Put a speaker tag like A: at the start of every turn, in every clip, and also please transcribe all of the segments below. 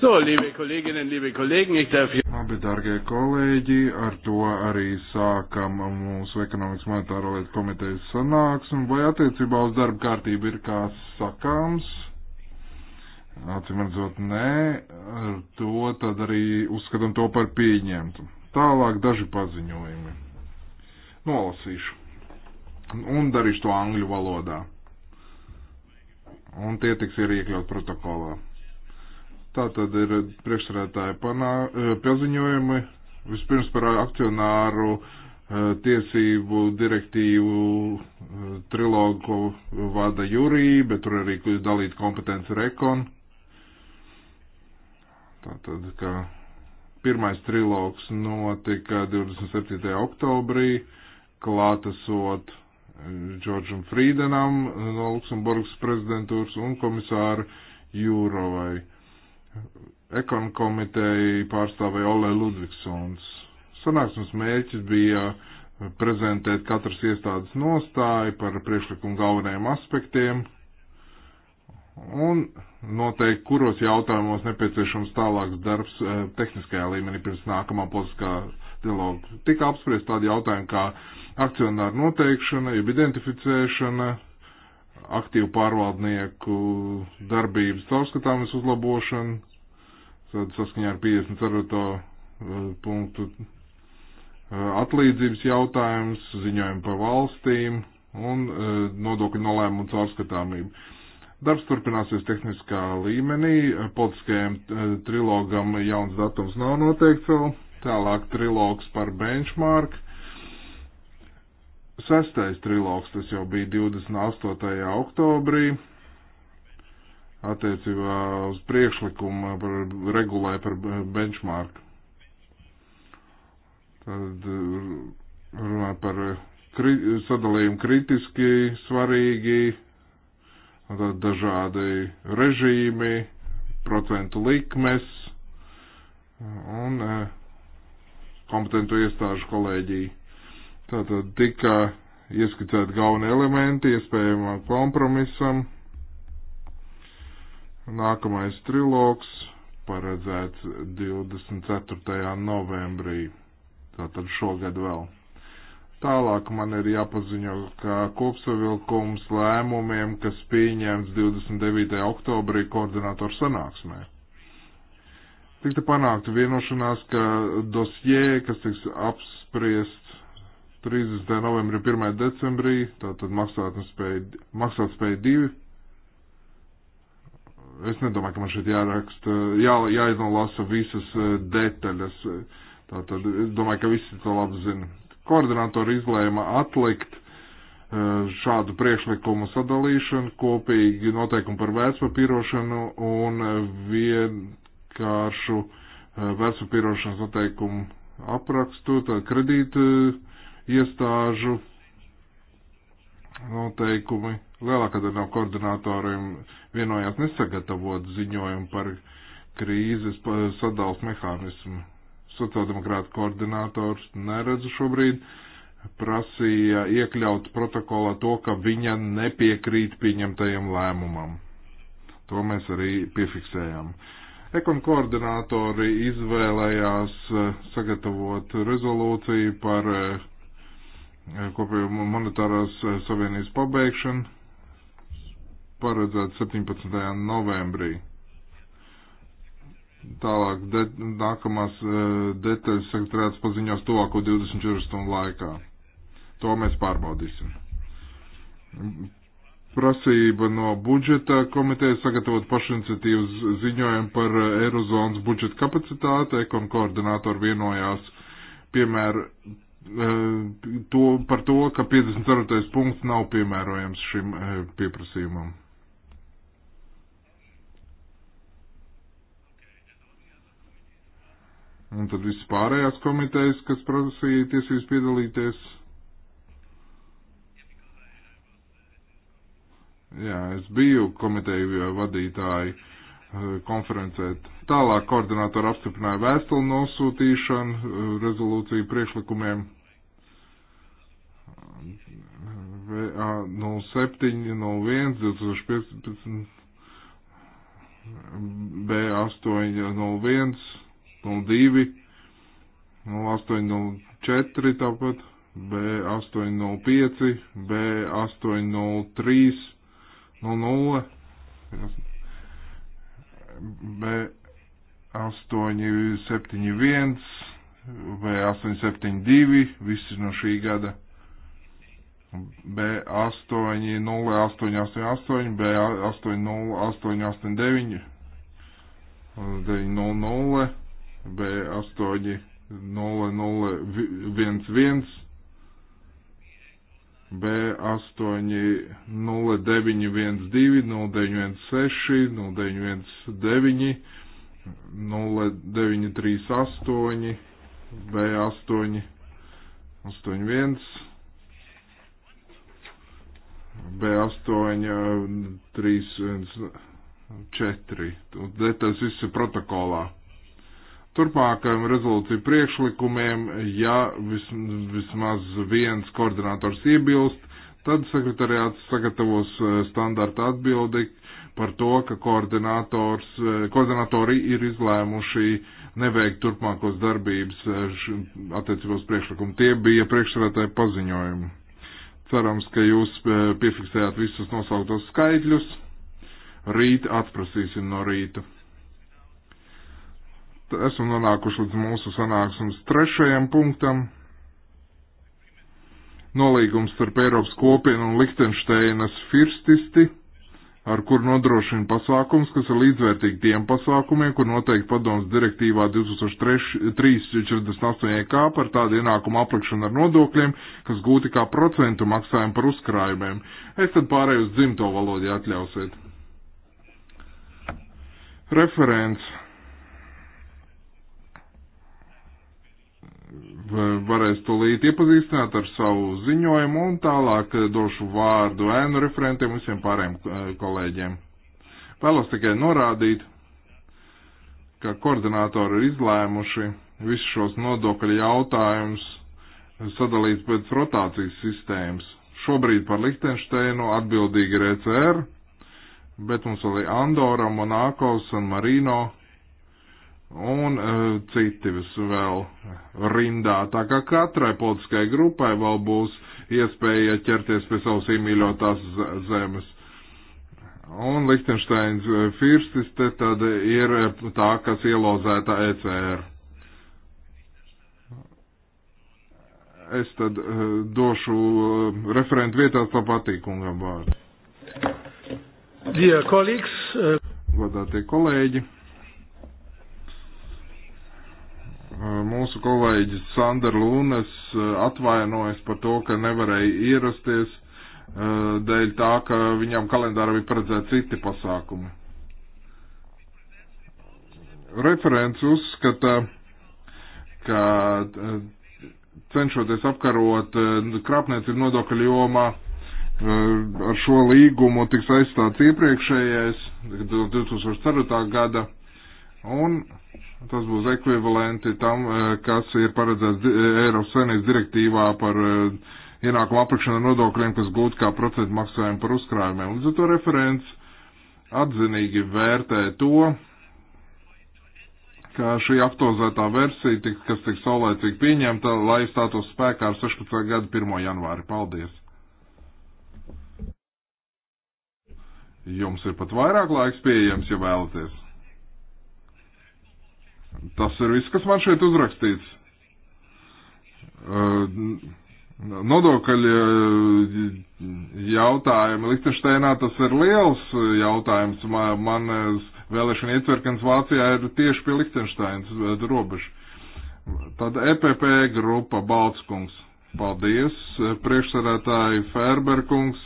A: So, liebe Kolleginnen, liebe Kollegen, ich darf hier. Labi, dārgie kolēģi, ar to arī sākam mūsu ekonomikas monetāro lietu komitejas sanāksmi. Vai attiecībā uz darba kārtību ir kā sakāms? Atcīmredzot, nē. Ar to tad arī uzskatām to par pieņemtu. Tālāk daži paziņojumi. Nolasīšu. Un darīšu to angļu valodā. Un tie tiks arī iekļaut protokolā. Tā tad ir priekšsarētāja paziņojumi. Eh, Vispirms par akcionāru eh, tiesību direktīvu eh, trilogu, ko vada Jurija, bet tur arī dalīt kompetenci rekon. Tātad, ka pirmais trilogs notika 27. oktobrī, klātesot Džordžam Frīdenam no Luksemburgas prezidentūras un komisāru Jūrovai. Ekonomikas komiteja pārstāvēja Olē Ludvigsons. Sanāksmes mērķis bija prezentēt katras iestādes nostāju par priekšlikumu galvenajiem aspektiem un noteikt, kuros jautājumos nepieciešams tālāks darbs eh, tehniskajā līmenī pirms nākamā politiskā dialoga. Tika apspriest tādi jautājumi kā akcionāru noteikšana, jeb identificēšana, aktīvu pārvaldnieku darbības caurskatāmies uzlabošanu, tad saskaņā ar 54. Eh, punktu eh, atlīdzības jautājums, ziņojumi par valstīm un eh, nodokļu nolēmumu caurskatāmību. Darbs turpināsies tehniskā līmenī, politiskajam trilogam jauns datums nav noteikts vēl, tālāk trilogs par benchmark Sestais trilogs, tas jau bija 28. oktobrī, attiecībā uz priekšlikumu par regulē par benchmark. Tad runā par kri, sadalījumu kritiski svarīgi, tad dažādi režīmi, procentu likmes un e, kompetentu iestāžu kolēģiju. Tātad tika ieskicēt galveni elementi, iespējamā kompromisam. Nākamais trilogs paredzēts 24. novembrī, tātad šogad vēl. Tālāk man ir jāpaziņo, ka kopsavilkums lēmumiem, kas pieņemts 29. oktobrī koordinatoru sanāksmē. Tikta panākta vienošanās, ka dosjē, kas tiks apspriests 30. novembrī, 1. decembrī, tātad maksātspēja 2. Es nedomāju, ka man šeit jāraksta, jā, jāiznolasa visas e, detaļas. E, tātad es domāju, ka visi to labi zina. Koordinatori izlēma atlikt e, šādu priekšlikumu sadalīšanu, kopīgi noteikumu par vērtspapīrošanu un vienkāršu vērtspapīrošanas noteikumu aprakstu, tad kredīta iestāžu noteikumi. Lielākā daļa no koordinatoriem vienojās nesagatavot ziņojumu par krīzes sadalas mehānismu. Sociāldemokrāta koordinators neredzu šobrīd prasīja iekļaut protokolā to, ka viņa nepiekrīt pieņemtajam lēmumam. To mēs arī piefiksējām. Ekon koordinātori izvēlējās eh, sagatavot rezolūciju par eh, kopējo monetārās eh, savienības pabeigšanu paredzēta 17. novembrī. Tālāk de, nākamās eh, detaļas sekretārāts paziņos tuvāko 24 stundu laikā. To mēs pārbaudīsim. Prasība no budžeta komitejas sagatavot pašiniciatīvas ziņojumu par eh, Eirozonas budžeta kapacitāti. Ekon koordinātori vienojās piemēr, Eh, to, par to, ka 54. punkts nav piemērojams šim eh, pieprasījumam. Un tad viss pārējās komitejas, kas prasīja tiesības piedalīties. Jā, es biju komiteju vadītāji. Uh, konferencē. Tālāk koordinātori apstiprināja vēstuli nosūtīšanu rezolūciju priekšlikumiem 07.01.2015. B8.01, 02, 08.04 tāpat, B8.05, B8.03, 00. B871 vai 872, visi no šī gada. B80888, B80889, 900, B80011. B80912, 0916, 0919, 0938, B8, 81, B8, 314. Tas viss ir protokolā turpmākajiem rezolūciju priekšlikumiem, ja vis, vismaz viens koordinators iebilst, tad sekretariāts sagatavos eh, standarta atbildi par to, ka eh, koordinatori ir izlēmuši neveikt turpmākos darbības eh, attiecībos priekšlikumu. Tie bija priekšsēdētāji paziņojumi. Cerams, ka jūs piefiksējāt visus nosauktos skaitļus. Rīt atprasīsim no rīta esam nonākuši līdz mūsu sanāksmes trešajam punktam. Nolīgums starp Eiropas kopienu un Lichtensteinas firstisti, ar kur nodrošina pasākums, kas ir līdzvērtīgi tiem pasākumiem, kur noteikti padoms direktīvā 2003.48k e par tādu ienākumu aplikšanu ar nodokļiem, kas gūti kā procentu maksājumu par uzkrājumiem. Es tad pārēju uz dzimto valodu, ja atļausiet. Referents varēs tūlīt iepazīstināt ar savu ziņojumu un tālāk eh, došu vārdu ēnu referentiem un visiem pārējiem eh, kolēģiem. Vēlos tikai norādīt, ka koordinātori ir izlēmuši visus šos nodokļu jautājumus sadalīt pēc rotācijas sistēmas. Šobrīd par Lihtenšteinu atbildīgi ir ECR, bet mums vēl ir Andora, Monako, San Marino un uh, citi vēl rindā. Tā kā katrai politiskai grupai vēl būs iespēja ķerties pie savas iemīļotās zemes. Un Lichtensteins e, Firstis te tad ir tā, kas ielozēta ECR. Es tad uh, došu uh, referentu vietā tā patīkungam vārdu. Dear colleagues, uh... godātie kolēģi. Eh, mūsu kolēģis Sandra Lūnes eh, atvainojas par to, ka nevarēja ierasties eh, dēļ tā, ka viņam kalendārā bija paredzēti citi pasākumi. Referents uzskata, ka cenšoties apkarot krāpniecību nodokļu jomā, ar šo līgumu tiks aizstāts iepriekšējais, 2004. gada, un Tas būs ekvivalenti tam, eh, kas ir paredzēts eh, Eiropas Savienības direktīvā par eh, ienākumu apakšanu nodokļiem, kas gūt kā procentu maksājumu par uzkrājumiem. Līdz ar to referents atzinīgi vērtē to, ka šī aptozētā versija, tik, kas tiks saulēcīgi pieņemta, lai stātos spēkā ar 16. gada 1. janvāri. Paldies! Jums ir pat vairāk laiks pieejams, ja vēlaties. Tas ir viss, kas man šeit uzrakstīts. Nodokļu jautājumi Lichtensteinā tas ir liels jautājums. Man, man vēlēšana ietverkens Vācijā ir tieši pie Lichtensteinas robežas. Tad EPP grupa Baltskungs. Paldies, priekšsarētāji Ferberkungs.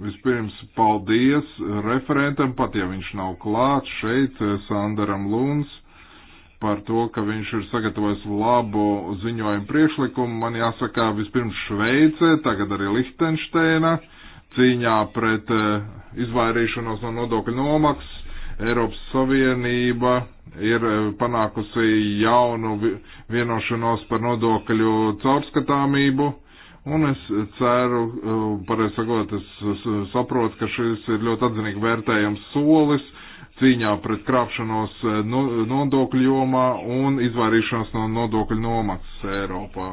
A: Vispirms paldies referentam, pat ja viņš nav klāts šeit, Sandaram Lūns, par to, ka viņš ir sagatavojis labu ziņojumu priekšlikumu. Man jāsaka, vispirms Šveice, tagad arī Lihtenšteina, cīņā pret eh, izvairīšanos no nodokļu nomaks. Eiropas Savienība ir eh, panākusi jaunu vienošanos par nodokļu caurskatāmību Un es ceru, eh, pareizi sakot, es saprotu, ka šis ir ļoti atzinīgi vērtējams solis cīņā pret krāpšanos eh, nodokļu jomā un izvairīšanos no nodokļu nomaksas Eiropā.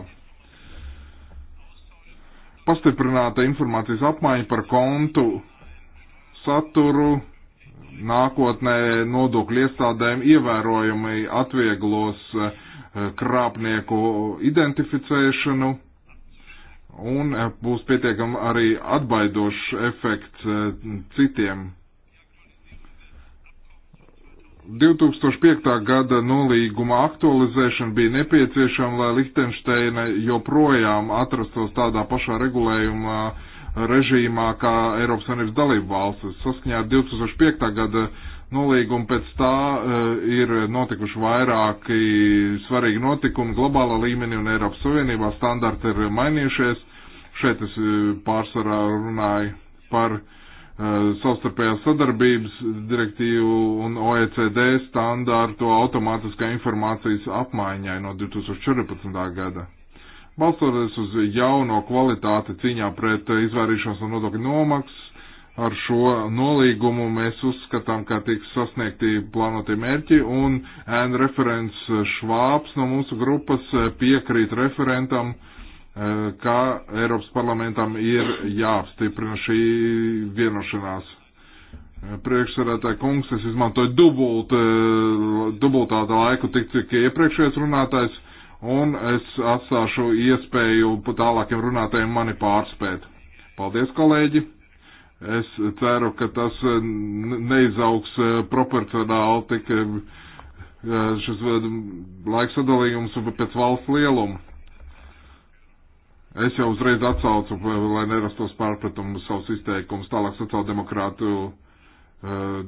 A: Pastiprināta informācijas apmaiņa par kontu saturu nākotnē nodokļu iestādēm ievērojami atvieglos eh, krāpnieku identificēšanu un eh, būs pietiekami arī atbaidošs efekts eh, citiem. 2005. gada nolīguma aktualizēšana bija nepieciešama, lai Lihtenšteina joprojām atrastos tādā pašā regulējuma eh, režīmā kā Eiropas Savienības dalību valstis. Saskaņā ar 2005. gada nolīguma pēc tā eh, ir notikuši vairāki svarīgi notikumi globālā līmenī un Eiropas Savienībā standarti ir mainījušies. Šeit es eh, pārsvarā runāju par uh, savstarpējās sadarbības direktīvu un OECD standārtu automātiskā informācijas apmaiņai no 2014. gada. Balstoties uz jauno kvalitāti cīņā pret izvairīšanos no nodokļu nomaksas, ar šo nolīgumu mēs uzskatām, ka tiks sasniegti plānotie mērķi, un ēn referents Švāps no mūsu grupas piekrīt referentam, eh, ka Eiropas parlamentam ir jāapstiprina šī vienošanās. Eh, Priekšsēdētāji kungs, es izmantoju dubult, eh, dubultātu laiku, tik cik iepriekšējais runātājs, un es atstāšu iespēju tālākiem runātājiem mani pārspēt. Paldies, kolēģi! Es ceru, ka tas e, neizaugs e, proporcionāli tik e, šis laiks sadalījums pēc valsts lieluma. Es jau uzreiz atsaucu, lai nerastos pārpratumu savus izteikumus. Tālāk sociāldemokrātu uh,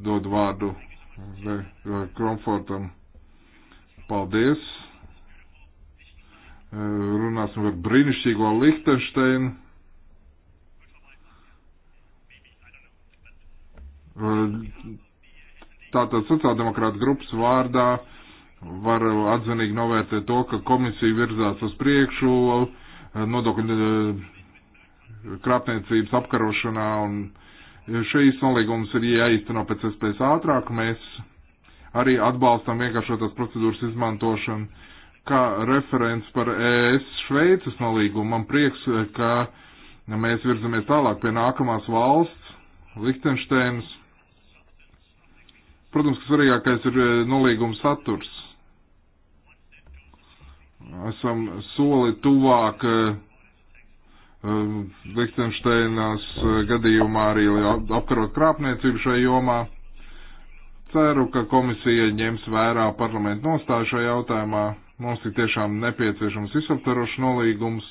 A: dod vārdu uh, Kromfortam. Paldies. Uh, runāsim par brīnišķīgo Lichtensteinu. Eh, tātad sociāldemokrāta grupas vārdā var atzinīgi novērtēt to, ka komisija virzās uz priekšu eh, nodokļu eh, krāpniecības apkarošanā un šīs nolīgumas ir jāizteno pēc iespējas ātrāk. Mēs arī atbalstam vienkāršotās procedūras izmantošanu. Kā referents par ES Šveices nolīgumu, man prieks, ka mēs virzamies tālāk pie nākamās valsts, Lichtensteinas, Protams, ka svarīgākais ir eh, nolīguma saturs. Esam soli tuvāk eh, eh, Lichtensteinas gadījumā arī apkarot krāpniecību šajā jomā. Ceru, ka komisija ņems vērā parlamentu nostāju šajā jautājumā. Mums ir tiešām nepieciešams visaptarošs nolīgums,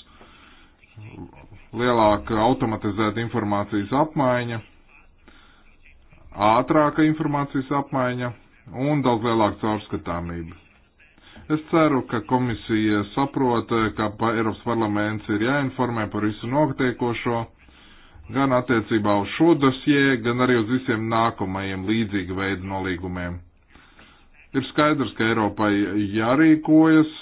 A: lielāka automatizēta informācijas apmaiņa ātrāka informācijas apmaiņa un daudz lielāka caurskatāmība. Es ceru, ka komisija saprot, ka pa Eiropas parlaments ir jāinformē par visu nokatiekošo, gan attiecībā uz šo dosie, gan arī uz visiem nākamajiem līdzīga veida nolīgumiem. Ir skaidrs, ka Eiropai jārīkojas,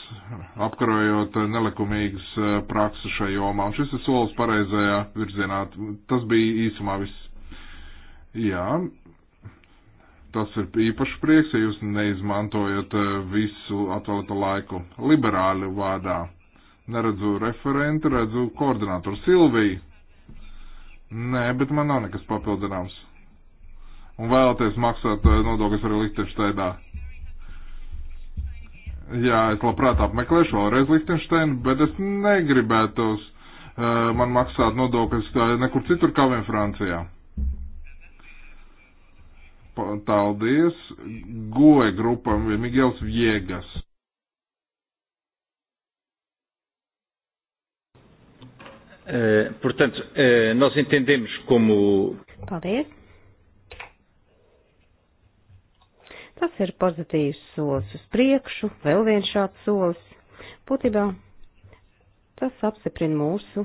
A: apkarojot nelikumīgas eh, prakses šajā jomā, un šis ir solis pareizajā virzienā. Tas bija īsumā viss. Jā, tas ir īpašs prieks, ja jūs neizmantojat eh, visu atvēlēto laiku liberāļu vārdā. Neredzu referentu, redzu koordinātoru Silviju. Nē, bet man nav nekas papildināms. Un vēlaties maksāt eh, nodokļus arī Liechtensteinā. Jā, es labprāt apmeklēšu vēlreiz Liechtensteinu, bet es negribētos uh, man maksāt nodokļus nekur citur kā vien Francijā. Paldies. Goe grupam ir Miguels Viegas. Uh, portanto, uh, nós entendemos como.
B: Paldies. Tas ir pozitīvs solis uz priekšu, vēl viens šāds solis. Būtībā tas apstiprina mūsu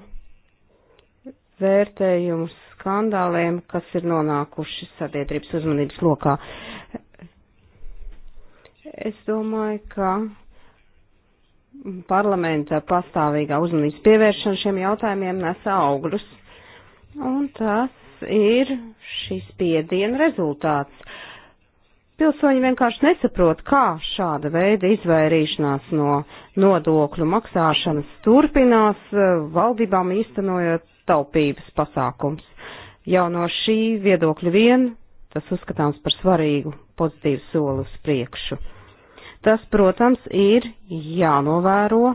B: vērtējumus skandāliem, kas ir nonākuši sabiedrības uzmanības lokā. Es domāju, ka parlamenta pastāvīgā uzmanības pievēršana šiem jautājumiem nes augļus. Un tas ir šis piediena rezultāts. Pilsoņi vienkārši nesaprot, kā šāda veida izvairīšanās no nodokļu maksāšanas turpinās eh, valdībām īstenojot taupības pasākums. Jau no šī viedokļa vien tas uzskatāms par svarīgu pozitīvu soli uz priekšu. Tas, protams, ir jānovēro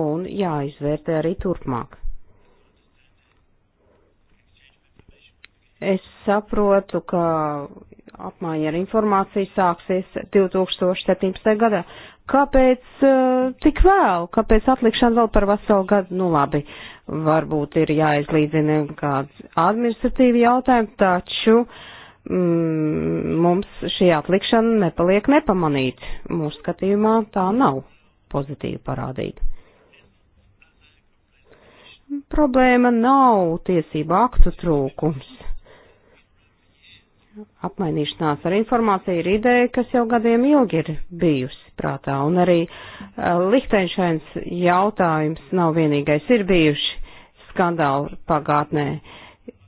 B: un jāizvērtē arī turpmāk. Es saprotu, ka apmaiņa ar informāciju sāksies 2017. gadā. Kāpēc uh, tik vēl? Kāpēc atlikšana vēl par veselu gadu? Nu labi, varbūt ir jāizlīdzina kāds administratīvi jautājumi, taču mm, mums šī atlikšana nepaliek nepamanīt. Mūsu skatījumā tā nav pozitīva parādība. Problēma nav tiesību aktu trūkums apmainīšanās ar informāciju ir ideja, kas jau gadiem ilgi ir bijusi prātā, un arī uh, eh, Lihteinšēns jautājums nav vienīgais. Ir bijuši skandāli pagātnē,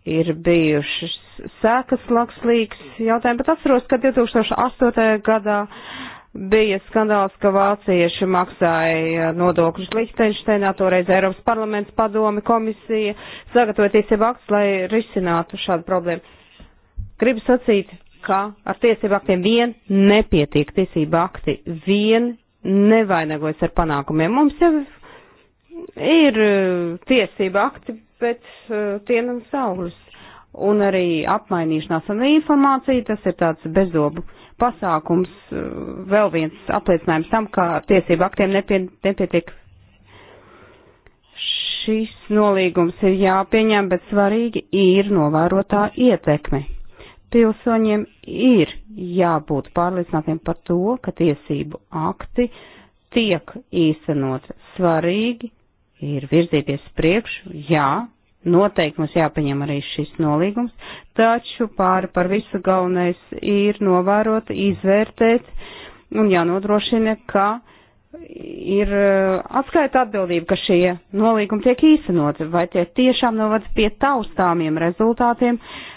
B: ir bijušas sēkas lakslīgs jautājumi, bet atceros, ka 2008. gadā bija skandāls, ka vācieši maksāja nodokļus Lichtensteinā, toreiz Eiropas parlaments padomi komisija sagatavoties jau akts, lai risinātu šādu problēmu gribu sacīt, ka ar tiesību aktiem vien nepietiek tiesību akti, vien nevainagojas ar panākumiem. Mums jau ir e, tiesību akti, bet e, tie nav saules. Un arī apmainīšanās ar informāciju, tas ir tāds bezdobu pasākums, e, vēl viens apliecinājums tam, ka tiesību aktiem nepie, nepietiek. Šis nolīgums ir jāpieņem, bet svarīgi ir novērotā ietekme pilsoņiem ir jābūt pārliecinātiem par to, ka tiesību akti tiek īstenot svarīgi, ir virzīties priekšu, jā, noteikti mums jāpaņem arī šis nolīgums, taču pāri par visu galvenais ir novērot, izvērtēt un jānodrošina, ka ir uh, atskaita atbildība, ka šie nolīgumi tiek īstenot, vai tie tiešām novad pie taustāmiem rezultātiem, uh,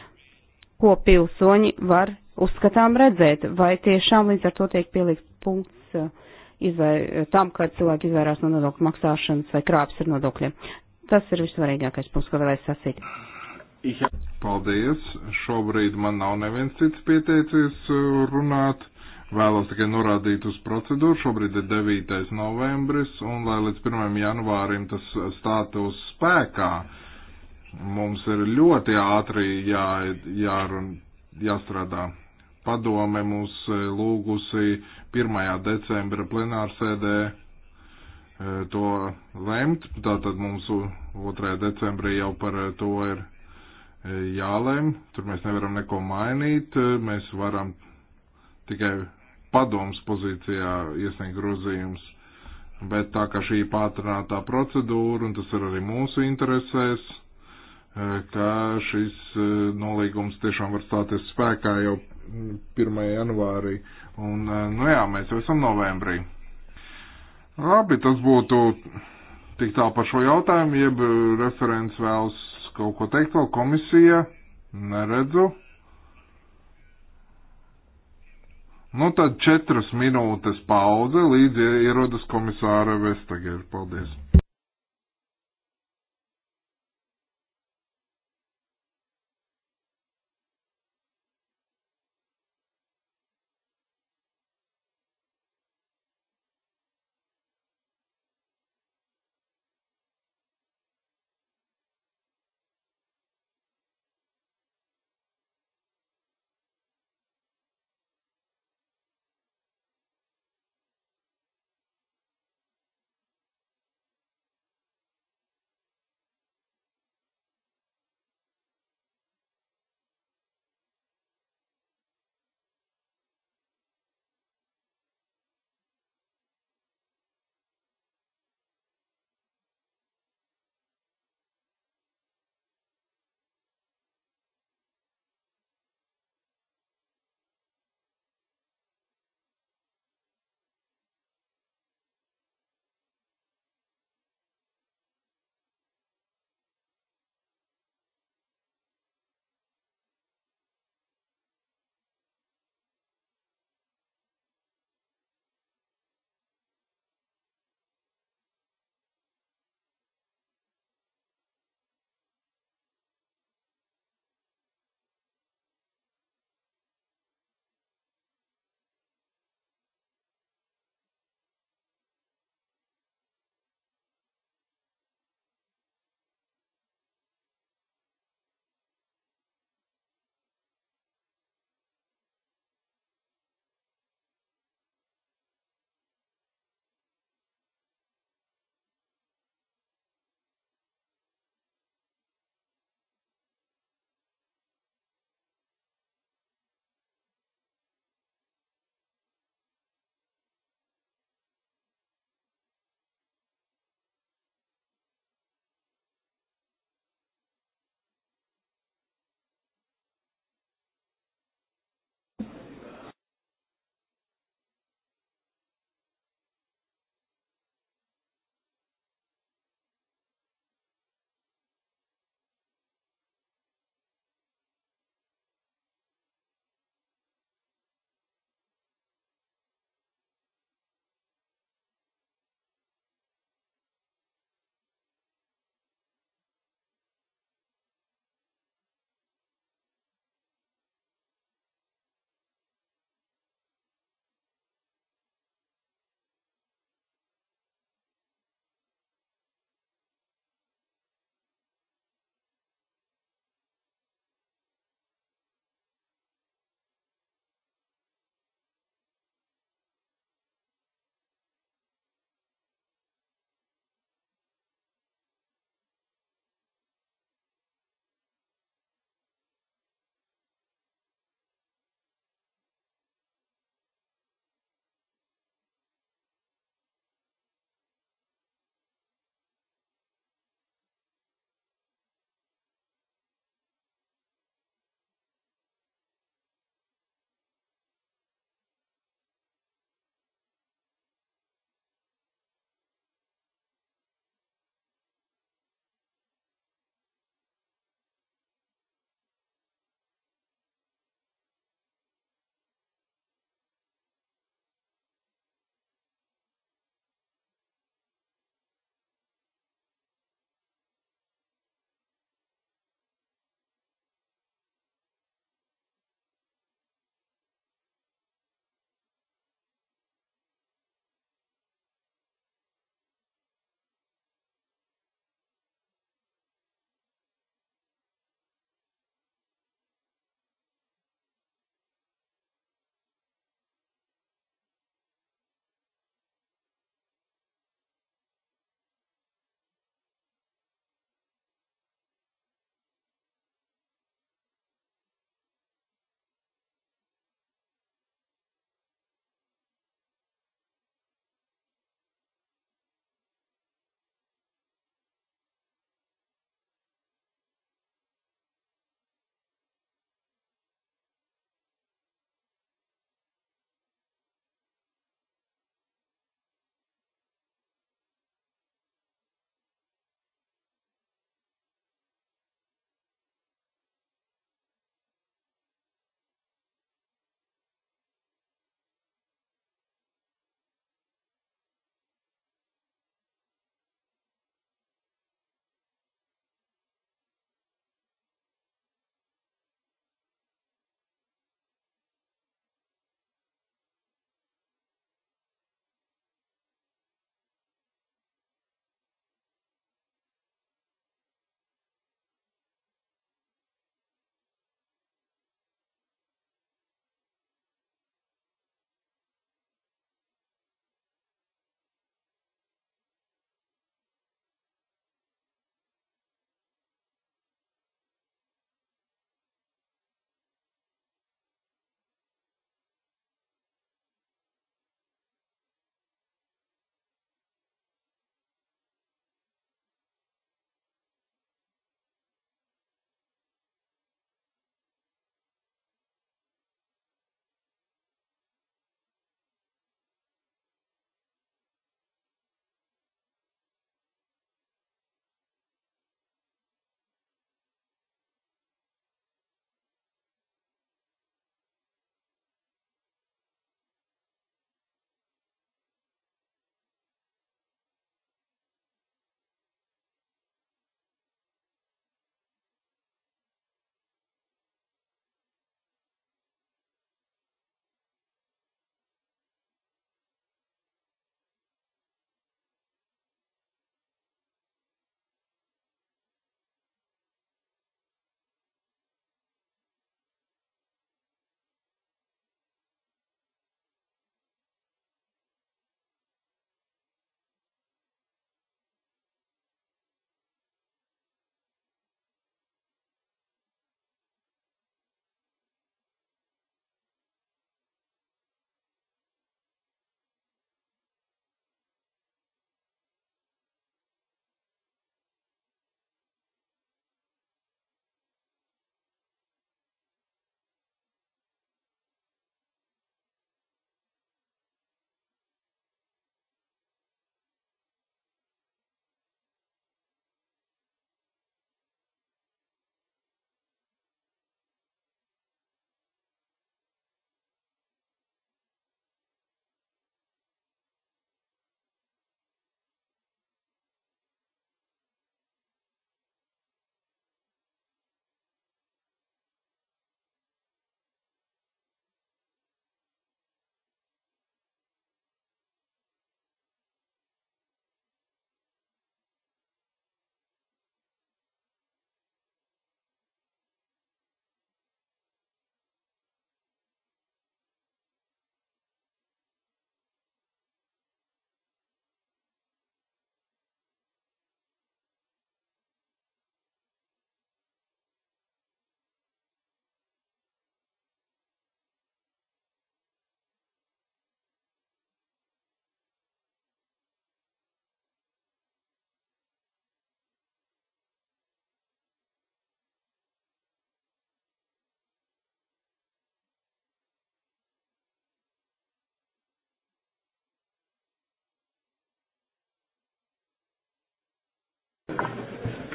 B: ko pilsoņi var uzskatām redzēt, vai tiešām līdz ar to tiek pielikt punkts uh, izvēr, uh, tam, ka cilvēki izvairās no nodokļu maksāšanas vai krāps ar nodokļiem. Tas ir vissvarīgākais punkts, ko vēlēs sasīt.
A: Paldies. Šobrīd man nav neviens cits pieteicies uh, runāt. Vēlos tikai norādīt uz procedūru. Šobrīd ir 9. novembris, un lai līdz 1. janvārim tas stātos spēkā, Mums ir ļoti ātri jā, jārun, jāstrādā. Padome mūs e, lūgusi 1. decembra plenārsēdē e, to lemt, tātad mums 2. decembrī jau par e, to ir jālem, tur mēs nevaram neko mainīt, mēs varam tikai padoms pozīcijā iesniegt grozījums. Bet tā kā šī pātrinātā procedūra, un tas ir arī mūsu interesēs, ka šis nolīgums tiešām var stāties spēkā jau 1. janvārī. Un, nu jā, mēs jau esam novembrī. Labi, tas būtu tik tā par šo jautājumu, jeb referents vēlas kaut ko teikt, vēl komisija, neredzu. Nu tad četras minūtes pauze, līdz ierodas komisāra Vestager. Paldies!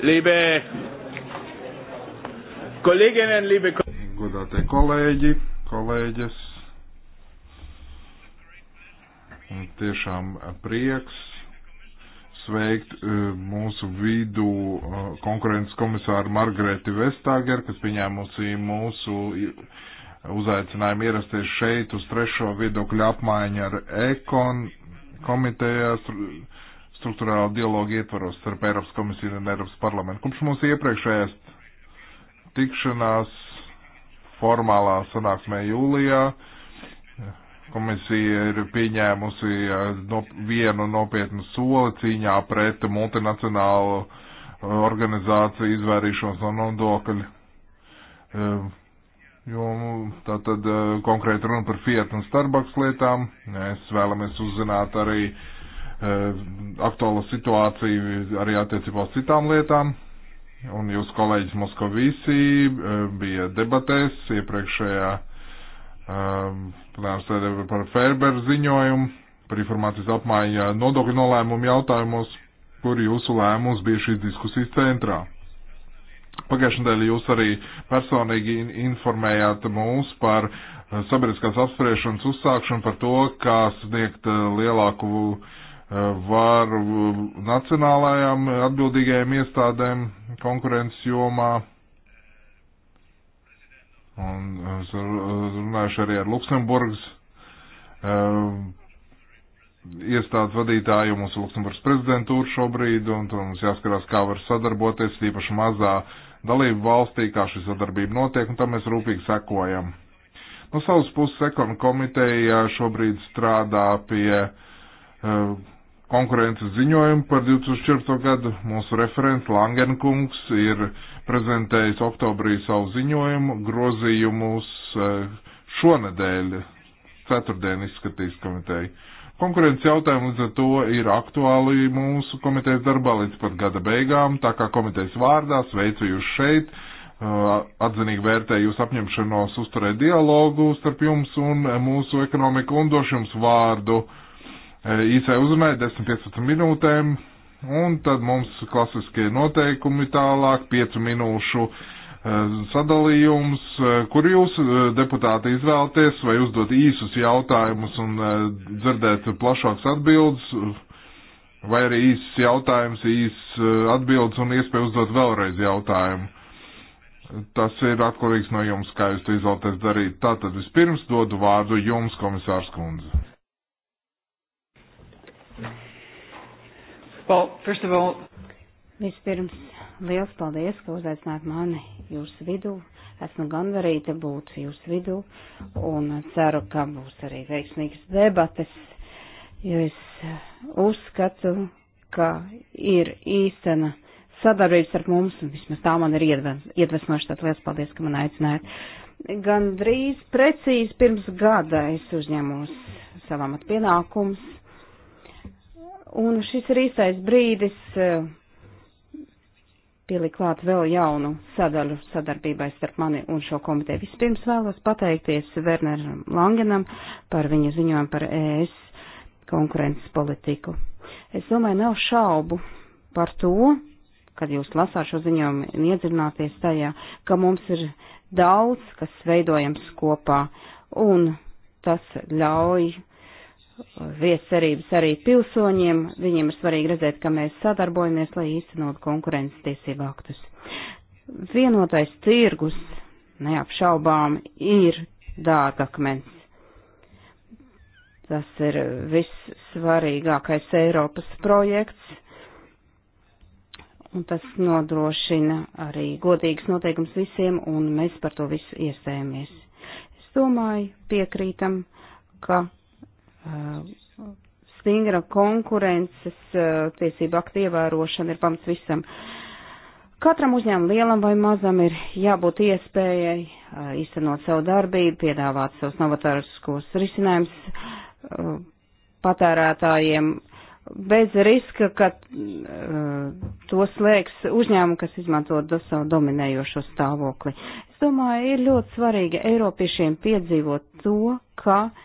A: Liebe Kolleginnen, liebe Godātie kolēģi, kolēģis, tiešām prieks sveikt e, mūsu vidu e, konkurences komisāru Margareti Vestāger, kas pieņēmusi mūsu uzaicinājumu ierasties šeit uz trešo viedokļu apmaiņu ar Ekon komitejās struktūrālo dialogu ietvaros starp Eiropas komisiju un Eiropas parlamentu. Kopš mūsu iepriekšējās tikšanās formālā sanāksmē jūlijā komisija ir pieņēmusi no, vienu nopietnu soli cīņā pret multinacionālu uh, organizāciju izvairīšanos no nodokļu. Um, jo tā tad uh, konkrēti runa par Fiat un Starbucks lietām. Mēs vēlamies uzzināt arī uh, Eh, aktuālo situāciju arī attiecībā uz citām lietām. Un jūsu kolēģis Moskovīsī eh, bija debatēs iepriekšējā eh, plenārsēdē par Ferberu ziņojumu, par informācijas apmaiņu nodokļu nolēmumu jautājumos, kur jūsu lēmums bija šīs diskusijas centrā. Pagājušajā nedēļā jūs arī personīgi informējāt mūs par sabiedriskās apspriešanas uzsākšanu, par to, kā sniegt lielāku uh, var uh, nacionālajām atbildīgajām iestādēm konkurences jomā. Un es uh, runājuši arī ar Luksemburgas uh, iestādes vadītāju, mums ir Luksemburgas prezidentūra šobrīd, un tur mums jāskatās, kā var sadarboties, īpaši mazā dalību valstī, kā šī sadarbība notiek, un tam mēs rūpīgi sekojam. No savas puses, ekonomika komiteja šobrīd strādā pie uh, konkurences ziņojumu par 2014. gadu. Mūsu referents Langenkungs ir prezentējis oktobrī savu ziņojumu, grozījumus eh, šonadēļ, ceturtdien izskatīs komiteju. Konkurences jautājumi līdz ar to ir aktuāli mūsu komitejas darbā līdz pat gada beigām, tā kā komitejas vārdā sveicu jūs šeit, eh, atzinīgi vērtēju jūs apņemšanos uzturēt dialogu starp jums un eh, mūsu ekonomiku un došu jums vārdu uh, īsai uzrunai 10-15 minūtēm, un tad mums klasiskie noteikumi tālāk, 5 minūšu sadalījums, kur jūs, deputāti, izvēlaties, vai uzdot īsus jautājumus un dzirdēt plašāks atbildes, vai arī īsts jautājums, īsts atbildes un iespēja uzdot vēlreiz jautājumu. Tas ir atkarīgs no jums, kā jūs to izvēlaties darīt. Tātad vispirms dodu vārdu jums, komisārs Kundze.
B: Well, first of all. Vispirms, liels paldies, ka uzaicināt mani jūsu vidū. Esmu gandarīta būt jūsu vidū un ceru, ka būs arī veiksmīgas debates, jo es uzskatu, ka ir īstena sadarbības ar mums, un vismaz tā man ir iedvesmoša, tad liels paldies, ka man aicinājāt. Gan drīz precīzi pirms gada es uzņemos savam atpienākums Un šis ir īstais brīdis eh, pielikt klāt vēl jaunu sadaļu sadarbībai starp mani un šo komiteju. Vispirms vēlos pateikties Werneram Langenam par viņa ziņojumu par ES konkurences politiku. Es domāju, nav šaubu par to, kad jūs lasāt šo ziņojumu un iedzināties tajā, ka mums ir daudz, kas veidojams kopā, un tas ļauj viescerības arī pilsoņiem. Viņiem ir svarīgi redzēt, ka mēs sadarbojamies, lai īstenot konkurences tiesību aktus. Vienotais tirgus neapšaubām ir dārgakmens. Tas ir vissvarīgākais Eiropas projekts, un tas nodrošina arī godīgas noteikums visiem, un mēs par to visu iestējamies. Es domāju, piekrītam, ka stingra konkurences eh, tiesību aktu ievērošana ir pamats visam. Katram uzņēmumam, lielam vai mazam, ir jābūt iespējai eh, īstenot savu darbību, piedāvāt savus novatoriskos risinājumus eh, patērētājiem bez riska, ka uh, to slēgs uzņēmumu, kas izmanto do savu dominējošo stāvokli. Es domāju, ir ļoti svarīgi Eiropiešiem piedzīvot to, ka uh,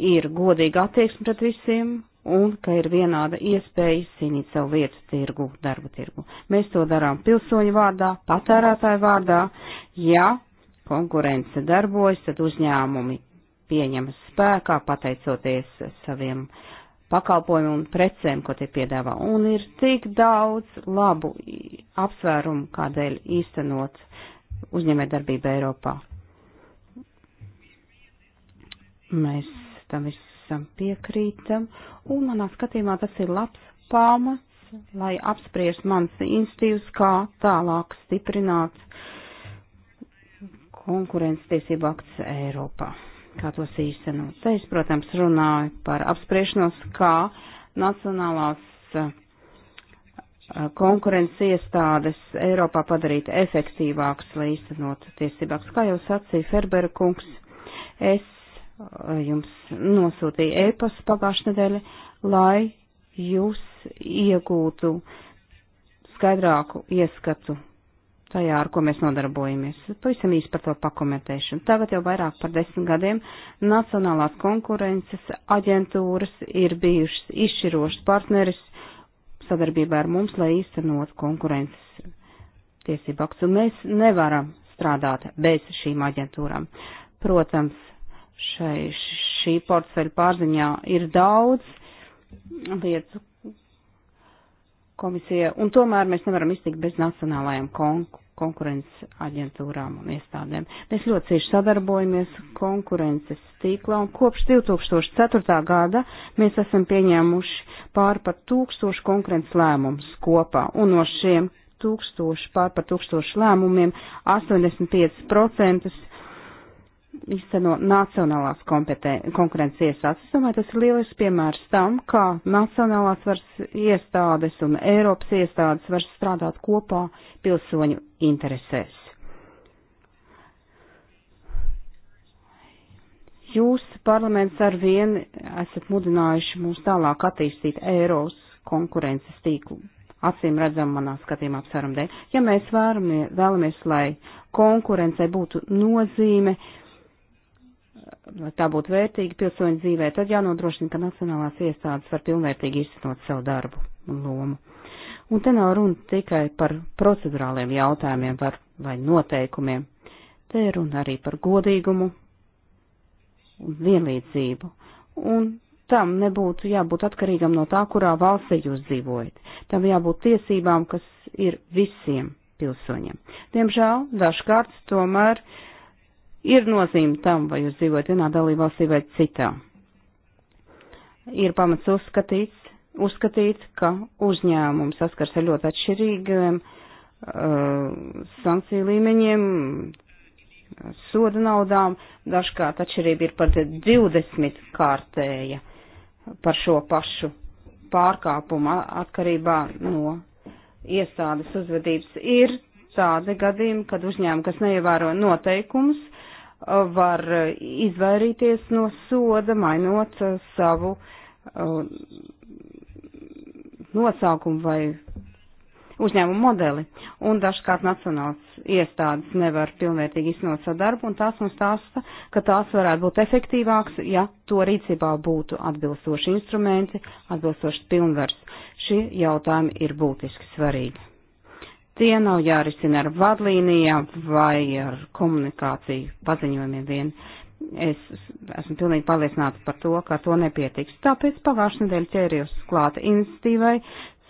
B: ir godīga attieksme pret visiem un ka ir vienāda iespēja cīnīt savu vietu tirgu, darba tirgu. Mēs to darām pilsoņu vārdā, patērētāju vārdā. Ja konkurence darbojas, tad uzņēmumi pieņemas spēkā pateicoties saviem pakalpojumiem un precēm, ko tie piedāvā. Un ir tik daudz labu apsvērumu, kādēļ īstenot uzņēmē darbību Eiropā. Mēs tam visam piekrītam, un manā skatījumā tas ir labs pamats, lai apspriest mans institīvs, kā tālāk stiprināt konkurences tiesību akts Eiropā. Kā tos īstenot? Te es, protams, runāju par apspriešanos, kā nacionālās eh, konkurences iestādes Eiropā padarīt efektīvākas, lai īstenot tiesībākas. Kā jau sacīja Ferbera kungs, es jums nosūtīja e-pastu pagājušajā nedēļā, lai jūs iegūtu skaidrāku ieskatu tajā, ar ko mēs nodarbojamies. Pavisam īsi par to pakomentēšanu. Tagad jau vairāk par desmit gadiem Nacionālās konkurences aģentūras ir bijušas izšķirošas partneris sadarbībā ar mums, lai īstenot konkurences tiesību aktu. Mēs nevaram strādāt bez šīm aģentūrām. Protams, šai, šī portfeļa pārziņā ir daudz lietu komisija, un tomēr mēs nevaram iztikt bez nacionālajām konk konkurences aģentūrām un iestādēm. Mēs ļoti cieši sadarbojamies konkurences tīklā, un kopš 2004. gada mēs esam pieņēmuši pāri par tūkstošu konkurences lēmumus kopā, un no šiem tūkstošu pāri par tūkstošu lēmumiem 85% īsteno nacionālās konkurences iestādes. Es domāju, tas ir lielisks piemērs tam, kā nacionālās varas iestādes un Eiropas iestādes var strādāt kopā pilsoņu interesēs. Jūs, parlaments, ar vien esat mudinājuši mūs tālāk attīstīt Eiros konkurences tīklu. Acīm redzam manā skatījumā apsvērumdē. Ja mēs vēlamies, lai konkurencei būtu nozīme, uh, lai tā būtu vērtīga pilsoņu dzīvē, tad jānodrošina, ka nacionālās iestādes var pilnvērtīgi izsnot savu darbu un lomu. Un te nav runa tikai par procedurāliem jautājumiem var, vai noteikumiem, te ir runa arī par godīgumu un vienlīdzību. Un tam nebūtu jābūt atkarīgam no tā, kurā valstī jūs dzīvojat. Tam jābūt tiesībām, kas ir visiem pilsoņiem. Diemžēl dažkārt tomēr uh, ir nozīme tam, vai jūs dzīvojat vienā dalībvalstī vai citā. Ir pamats uzskatīts, uzskatīt, ka uzņēmums saskars ar ļoti atšķirīgiem uh, sankciju līmeņiem, soda naudām, dažkārt atšķirība ir pat 20 kārtēja par šo pašu pārkāpumu atkarībā no iestādes uzvedības. Ir tādi gadījumi, kad uzņēmumi, kas neievēro noteikumus, var izvairīties no soda, mainot uh, savu uh, nosaukumu vai uzņēmumu modeli. Un dažkārt nacionāls iestādes nevar pilnvērtīgi iznot sadarbu, un tās mums stāsta, ka tās varētu būt efektīvāks, ja to rīcībā būtu atbilstoši instrumenti, atbilstoši pilnvars. Šie jautājumi ir būtiski svarīgi. Tie nav jārisina ar vadlīnijām vai ar komunikāciju paziņojumiem vien. Es esmu pilnīgi pārliecināta par to, ka to nepietiks. Tāpēc pagājušajā nedēļā ķērījos klāta institīvai,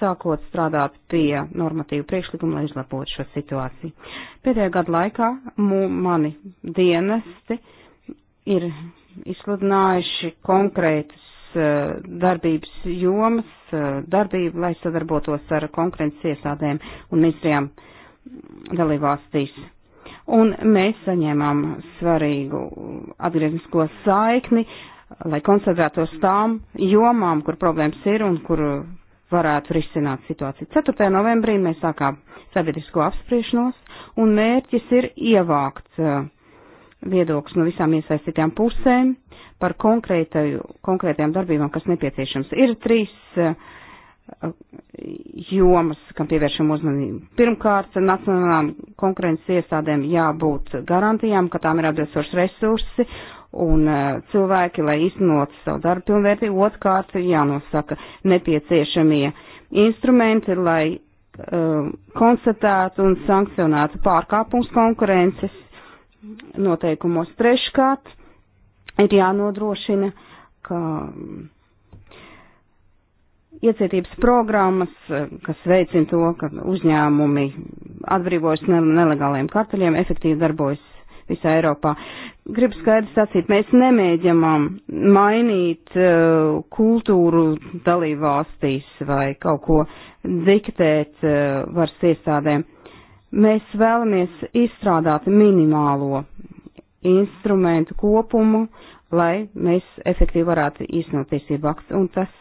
B: sākot strādāt pie normatīvu priekšlikumu, lai izlabotu šo situāciju. Pēdējā gada laikā mū, mani dienesti ir izsludinājuši konkrētas uh, darbības jomas, Uh, darbību, lai sadarbotos ar konkurences iestādēm un ministrijām dalībvalstīs. Un mēs saņēmām svarīgu atgrieznisko saikni, lai koncentrētos tām jomām, kur problēmas ir un kur varētu risināt situāciju. 4. novembrī mēs sākām sabiedrisko apspriešanos, un mērķis ir ievākt uh, viedoklis no visām iesaistītām pusēm par konkrētajām darbībām, kas nepieciešams. Ir trīs eh, jomas, kam pievēršam uzmanību. Pirmkārt, nacionālām konkurences iestādēm jābūt garantijām, ka tām ir atbilstoši resursi un eh, cilvēki, lai iznotu savu darbu pilnvērtīgi. Otkārt, jānosaka nepieciešamie instrumenti, lai um, konstatētu un sankcionētu pārkāpums konkurences noteikumos. Treškārt ir jānodrošina, ka mm, iecietības programmas, kas veicina to, ka uzņēmumi atbrīvojas nelegāliem karteļiem, efektīvi darbojas visā Eiropā. Gribu skaidri sacīt, mēs nemēģinām mainīt uh, kultūru dalībvalstīs vai kaut ko diktēt uh, varas iestādēm. Mēs vēlamies izstrādāt minimālo instrumentu kopumu, lai mēs efektīvi varētu īstenot tiesību aktu, un tas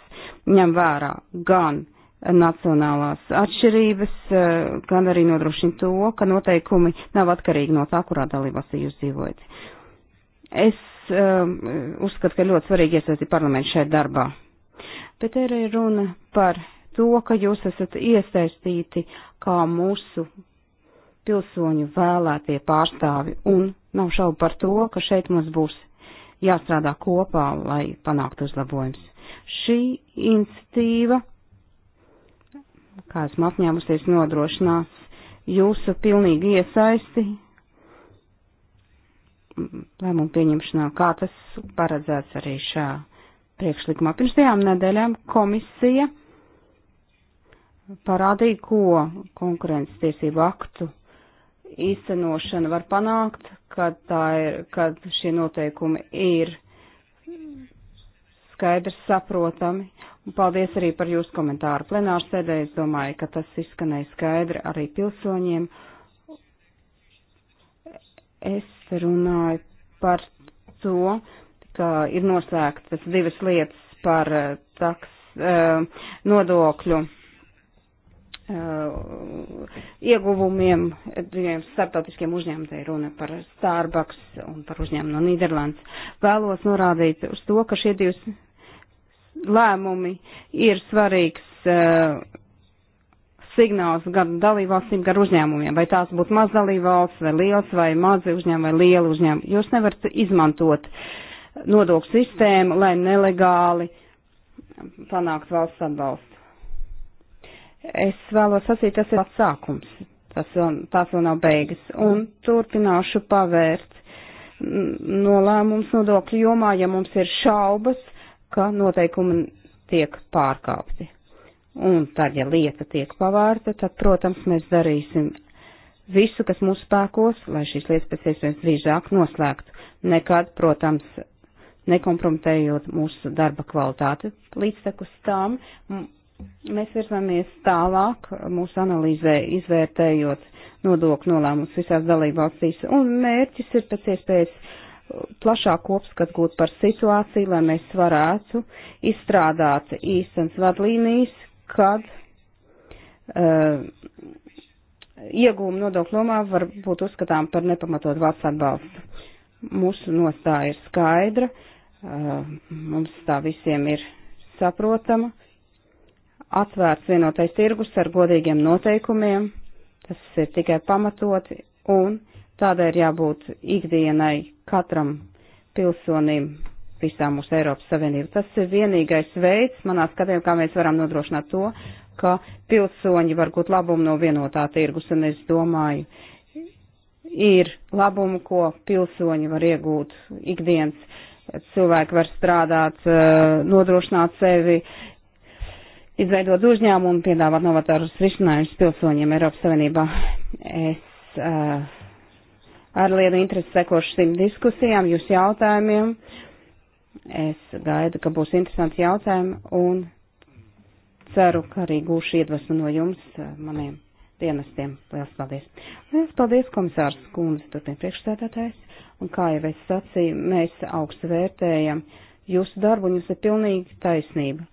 B: ņem vērā gan nacionālās atšķirības, eh, gan arī nodrošina to, ka noteikumi nav atkarīgi no tā, kurā dalībvalstī jūs dzīvojat. Es um, uzskatu, ka ļoti svarīgi iesaistīt parlamentu šajā darbā. Bet arī runa par to, ka jūs esat iesaistīti kā mūsu pilsoņu vēlētie pārstāvi, un nav šaubu par to, ka šeit mums būs jāstrādā kopā, lai panāktu uzlabojums. Šī iniciatīva, kā esmu apņēmusies, nodrošinās jūsu pilnīgi iesaisti lēmumu pieņemšanā, kā tas paredzēts arī šā priekšlikumā. Pirms tajām nedēļām komisija parādīja, ko konkurences tiesību aktu īstenošana var panākt, kad, ir, kad šie noteikumi ir skaidrs saprotami. Un paldies arī par jūsu komentāru plenāru sēdē. Es domāju, ka tas izskanēja skaidri arī pilsoņiem. Es runāju par to, ka ir noslēgtas divas lietas par eh, taks, eh, nodokļu Eh, ieguvumiem starptautiskiem uzņēmumiem, te ir runa par Starbucks un par uzņēmumu no Nīderlandes. Vēlos norādīt uz to, ka šie divi lēmumi ir svarīgs uh, signāls gan dalībvalstīm, gan uzņēmumiem, vai tās būtu maz dalībvalsts, vai liels, vai mazi uzņēmumi, vai lieli uzņēmumi. Jūs nevarat izmantot nodokļu sistēmu, lai nelegāli panākt valsts atbalstu. Es vēlos sacīt, tas ir sākums, tas vēl, tās vēl nav beigas, un turpināšu pavērt nolēmums nodokļu jomā, ja mums ir šaubas, ka noteikumi tiek pārkāpti. Un tad, ja lieta tiek pavārta, tad, protams, mēs darīsim visu, kas mūsu spēkos, lai šīs lietas pēc iespējas drīzāk noslēgtu. Nekad, protams, nekompromitējot mūsu darba kvalitāti. Līdz tekus tām Mēs virzamies tālāk mūsu analīzē, izvērtējot nodokļu nolēmumus visās dalībvalstīs, un mērķis ir pēc iespējas plašāk kopskatu gūt par situāciju, lai mēs varētu izstrādāt īstenas vadlīnijas, kad uh, eh, iegūma nodokļu lomā var būt uzskatām par nepamatot valsts atbalstu. Mūsu nostāja ir skaidra, uh, mums tā visiem ir saprotama, atvērts vienotais tirgus ar godīgiem noteikumiem, tas ir tikai pamatoti, un tādai ir jābūt ikdienai katram pilsonim visā mūsu Eiropas Savienība. Tas ir vienīgais veids, manā skatījumā, kā mēs varam nodrošināt to, ka pilsoņi var gūt labumu no vienotā tirgus, un es domāju, ir labumu, ko pilsoņi var iegūt ikdienas cilvēki var strādāt, eh, nodrošināt sevi, izveidot uzņēmumu, piedāvāt novatorus risinājumus pilsoņiem Eiropas Savienībā. Es uh, ar lielu interesi sekošu šīm diskusijām, jūsu jautājumiem. Es gaidu, ka būs interesanti jautājumi un ceru, ka arī gūšu iedvesmu no jums, eh, maniem dienestiem. Lielas paldies! Lielas paldies, komisārs Kundze, turpin priekšstādātājs. Un kā jau es sacīju, mēs augstu vērtējam jūsu darbu un jums ir pilnīgi taisnība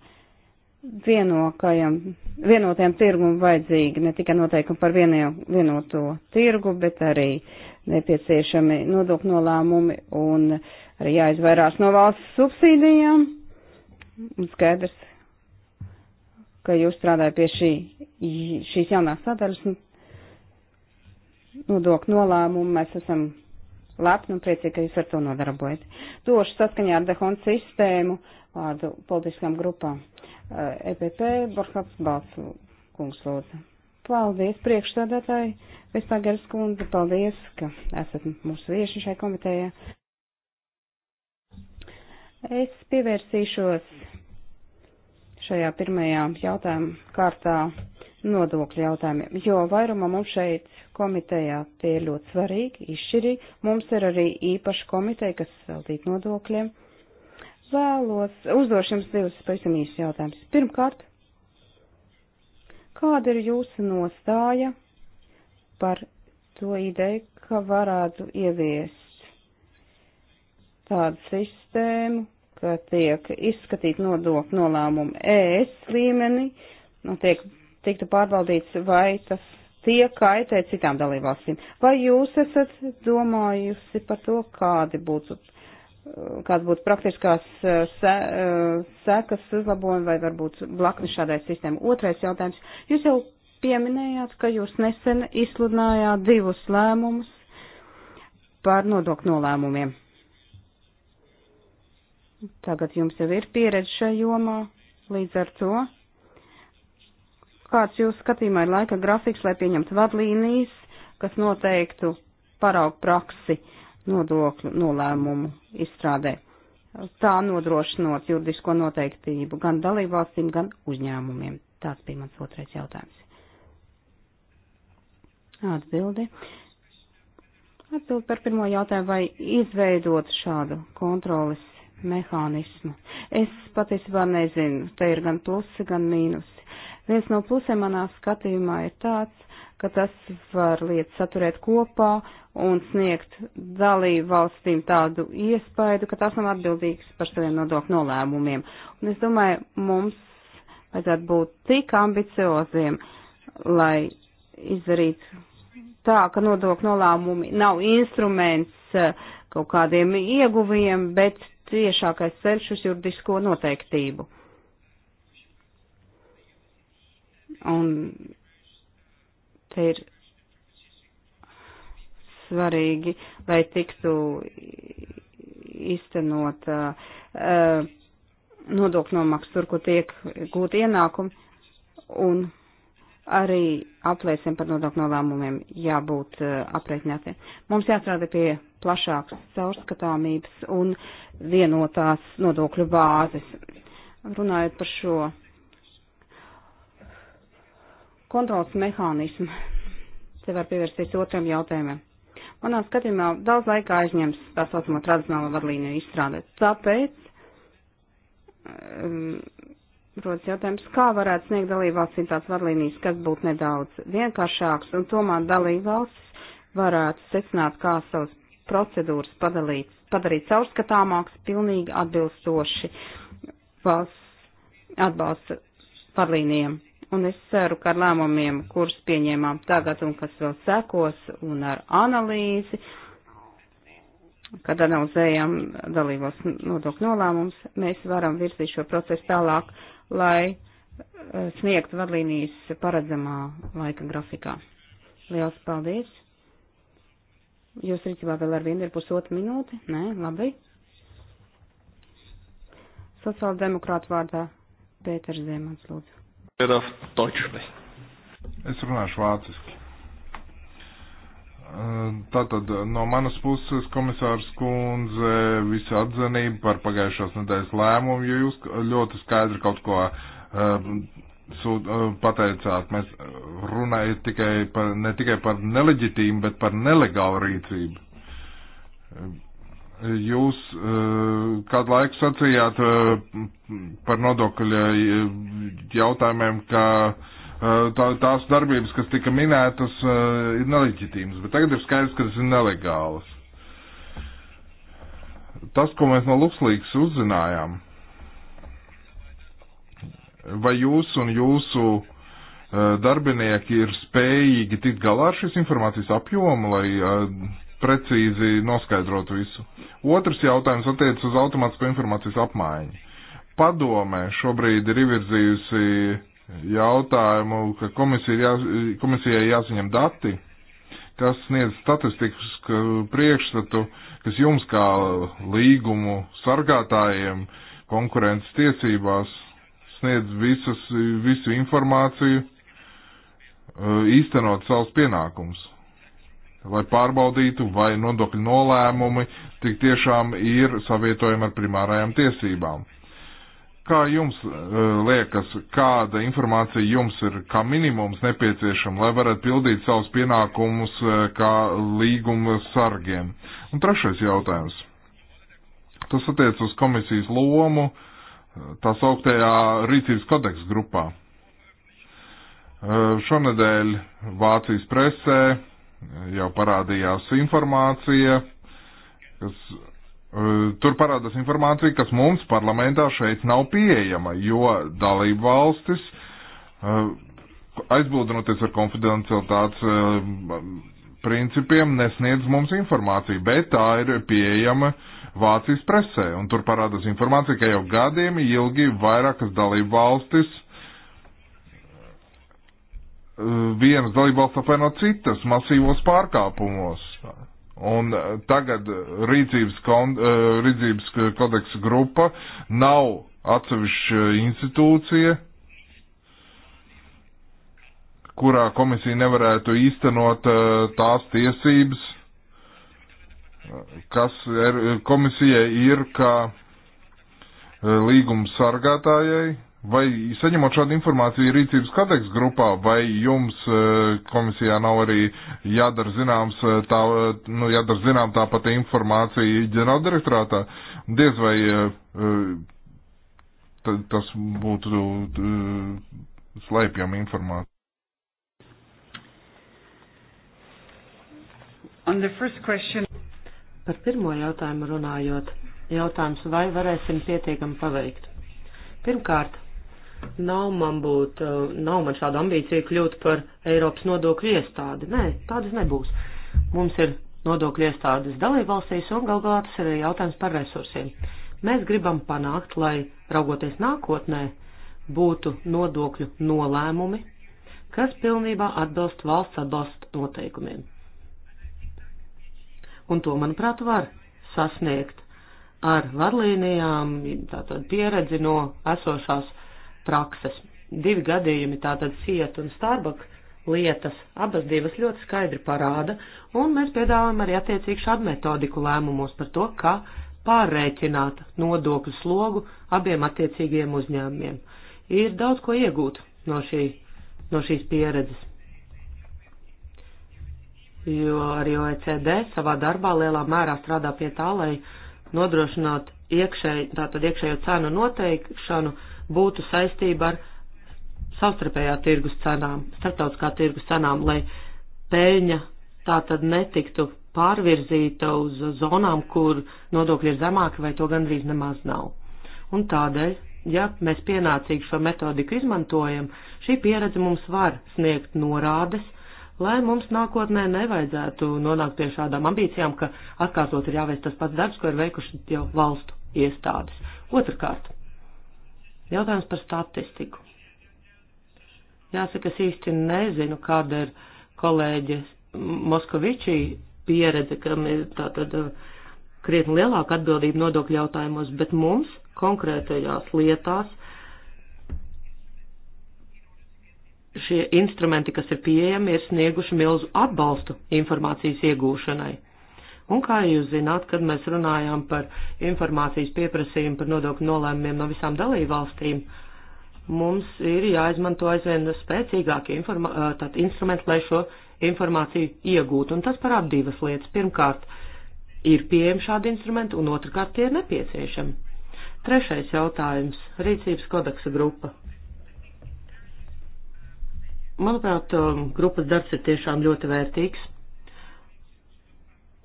B: vienotajam tirgumam vajadzīgi ne tikai noteikumi par vieno, vienoto tirgu, bet arī nepieciešami nodokļu nolēmumi un arī jāizvairās no valsts subsīdijām. Un skaidrs, ka jūs strādājat pie šī, šīs jaunās sadaļas nodokļu nolēmumu. Mēs esam lepni un nu, priecīgi, ka jūs ar to nodarbojat. Došu saskaņā ar dehonu sistēmu vārdu politiskām grupām. EPP, eh, e Borhaps Balsu kungs lūdzu. Paldies priekšstādātāji, Vestagaras kundze, paldies, ka esat mūsu vieši šai komitējā. Es pievērsīšos šajā pirmajā jautājuma kārtā nodokļu jautājumiem, jo vairumā mums šeit komitejā tie ir ļoti svarīgi, izšķirīgi. Mums ir arī īpaša komiteja, kas veltīta nodokļiem. Vēlos, uzdošu jums divus pavisam īsus jautājumus. Pirmkārt, kāda ir jūsu nostāja par to ideju, ka varētu ieviest tādu sistēmu, ka tiek izskatīt nodokļu nolēmumu ES līmenī, nu, tiek, tiktu pārbaudīts, vai tas tie kaitē citām dalībvalstīm. Vai jūs esat domājusi par to, kādi būtu, kāds būtu praktiskās eh, se, eh, sekas uzlabojumi vai varbūt blakni šādai sistēmai? Otrais jautājums. Jūs jau pieminējāt, ka jūs nesen izsludinājāt divus lēmumus par nodokļu nolēmumiem. Tagad jums jau ir pieredze šajā jomā, līdz ar to. Kāds jūs skatījumā ir laika grafiks, lai pieņemtu vadlīnijas, kas noteiktu paraugu praksi nodokļu nolēmumu izstrādē? Tā nodrošinot juridisko noteiktību gan dalībvalstīm, gan uzņēmumiem. Tāds bija mans otrais jautājums. Atbildi. Atbildi par pirmo jautājumu, vai izveidot šādu kontrolas mehānismu. Es patiesībā nezinu, te ir gan plusi, gan mīnusi. Viens no plusiem manā skatījumā ir tāds, ka tas var lietas saturēt kopā un sniegt dalību valstīm tādu iespaidu, ka tās nav atbildīgas par saviem nodokļu nolēmumiem. Un es domāju, mums vajadzētu būt tik ambicioziem, lai izdarītu tā, ka nodokļu nolēmumi nav instruments eh, kaut kādiem ieguviem, bet ciešākais ceļš uz juridisko noteiktību. Un te ir svarīgi, lai tiktu iztenot uh, eh, nodokļu nomaksu tur, kur tiek gūti ienākumi, un arī aplēsim par nodokļu nolēmumiem jābūt uh, eh, aprēķinātiem. Mums jāstrādā pie plašāks caurskatāmības un vienotās nodokļu bāzes. Runājot par šo kontrols mehānismu, te var pievērsties otram jautājumam. Manā skatījumā daudz laika aizņems tā saucamo tradicionālo vadlīniju izstrādāt. Tāpēc um, rodas jautājums, kā varētu sniegt dalībvalstīm tāds vadlīnijas, kas būtu nedaudz vienkāršāks un tomēr dalībvalstis varētu secināt, kā savas procedūras padalīt, padarīt caurskatāmāks, pilnīgi atbilstoši valsts atbalsta padlīnijiem. Un es ceru, ka ar lēmumiem, kurus pieņēmām tagad un kas vēl sekos, un ar analīzi, kad analizējam dalībos nodokļu nolēmums, mēs varam virzīt šo procesu tālāk, lai eh, sniegtu vadlīnijas paredzamā laika grafikā. Liels paldies! Jūs rīcībā vēl ar vienu ir pusotra minūte? Nē, labi. Sociāldemokrāta vārdā
A: Pēters Zemans, lūdzu. Pēters Točli. Es runāšu vāciski. Tātad no manas puses komisārs kundze visu atzinību par pagājušās nedēļas lēmumu, jo jūs ļoti skaidri kaut ko uh, pateicāt, mēs runājam tikai par, ne tikai par neleģitīmu, bet par nelegālu rīcību. Jūs kādu laiku sacījāt par nodokļa jautājumiem, ka tā, tās darbības, kas tika minētas, ir neleģitīmas, bet tagad ir skaidrs, ka tas ir nelegāls. Tas, ko mēs no Luxlīgas uzzinājām, vai jūs un jūsu eh, darbinieki ir spējīgi tikt galā ar šīs informācijas apjomu, lai eh, precīzi noskaidrotu visu. Otrs jautājums attiecas uz automātisko informācijas apmaiņu. Padomē šobrīd ir ievirzījusi jautājumu, ka komisija jā, komisijai jāsaņem dati, kas sniedz statistikas priekšstatu, kas jums kā līgumu sargātājiem konkurences tiesībās sniedz visus, visu informāciju, eh, īstenot savus pienākumus, lai pārbaudītu, vai nodokļu nolēmumi tik tiešām ir savietojami ar primārajām tiesībām. Kā jums eh, liekas, kāda informācija jums ir kā minimums nepieciešama, lai varētu pildīt savus pienākumus eh, kā līguma sargiem? Un trešais jautājums. Tas attiec uz komisijas lomu uh, tā sauktajā rīcības kodeksa grupā. Šonadēļ Vācijas presē jau parādījās informācija, kas, tur parādās informācija, kas mums parlamentā šeit nav pieejama, jo dalību valstis aizbūdinoties ar konfidencialitātes principiem nesniedz mums informāciju, bet tā ir pieejama Vācijas presē. Un tur parādās informācija, ka jau gadiem ilgi vairākas dalību valstis, eh, vienas dalību valsts apvaino citas masīvos pārkāpumos. Un eh, tagad rīcības, kon, eh, rīcības kodeksa grupa nav atsevišķa institūcija, kurā komisija nevarētu īstenot eh, tās tiesības, kas ir, komisijai ir kā eh, līguma sargātājai, vai saņemot šādu informāciju rīcības kateks grupā, vai jums eh, komisijā nav arī jādara zināms tā, nu, jādara zinām tā pati informācija ģenerāldirektorātā, diez vai tas būtu slēpjama informācija.
C: Question... Par pirmo jautājumu runājot, jautājums, vai varēsim pietiekami paveikt. Pirmkārt, nav man būt, eh, nav man šāda ambīcija kļūt par Eiropas nodokļu iestādi. Nē, tādas nebūs. Mums ir nodokļu iestādes dalībvalstīs un gal galā tas ir arī jautājums par resursiem. Mēs gribam panākt, lai raugoties nākotnē būtu nodokļu nolēmumi, kas pilnībā atbilst valsts atbalsta noteikumiem un to, manuprāt, var sasniegt ar varlīnijām, tātad pieredzi no esošās prakses. Divi gadījumi, tātad Siet un Starbucks lietas, abas divas ļoti skaidri parāda, un mēs piedāvājam arī attiecīgi šādu metodiku lēmumos par to, kā pārreikināt nodokļu slogu abiem attiecīgiem uzņēmumiem. Ir daudz ko iegūt no, šī, no šīs pieredzes jo arī OECD savā darbā lielā mērā strādā pie tā, lai nodrošinātu iekšēj, tātad iekšējo cenu noteikšanu būtu saistība ar savstarpējā tirgus cenām, starptautiskā tirgus cenām, lai pēļņa tātad netiktu pārvirzīta uz zonām, kur nodokļi ir zemāki vai to gandrīz nemaz nav. Un tādēļ, ja mēs pienācīgi šo metodiku izmantojam, šī pieredze mums var sniegt norādes, lai mums nākotnē nevajadzētu nonākt pie šādām ambīcijām, ka atkārtot ir jāveic tas pats darbs, ko ir veikuši jau valstu iestādes. Otrakārt, jautājums par statistiku. Jāsaka, es īsti nezinu, kāda ir kolēģe Moskovičī pieredze, kam ir tātad uh, krietni lielāka atbildība nodokļu jautājumos, bet mums konkrētajās lietās šie instrumenti, kas ir pieejami, ir snieguši milzu atbalstu informācijas iegūšanai. Un kā jūs zināt, kad mēs runājām par informācijas pieprasījumu par nodokļu nolēmumiem no visām dalībvalstīm, mums ir jāizmanto aizvien spēcīgākie instrumenti, lai šo informāciju iegūtu. Un tas parāda divas lietas. Pirmkārt, ir pieejami šādi instrumenti, un otrkārt, tie ir nepieciešami. Trešais jautājums - rīcības kodeksa grupa. Manuprāt, um, grupas darbs ir tiešām ļoti vērtīgs.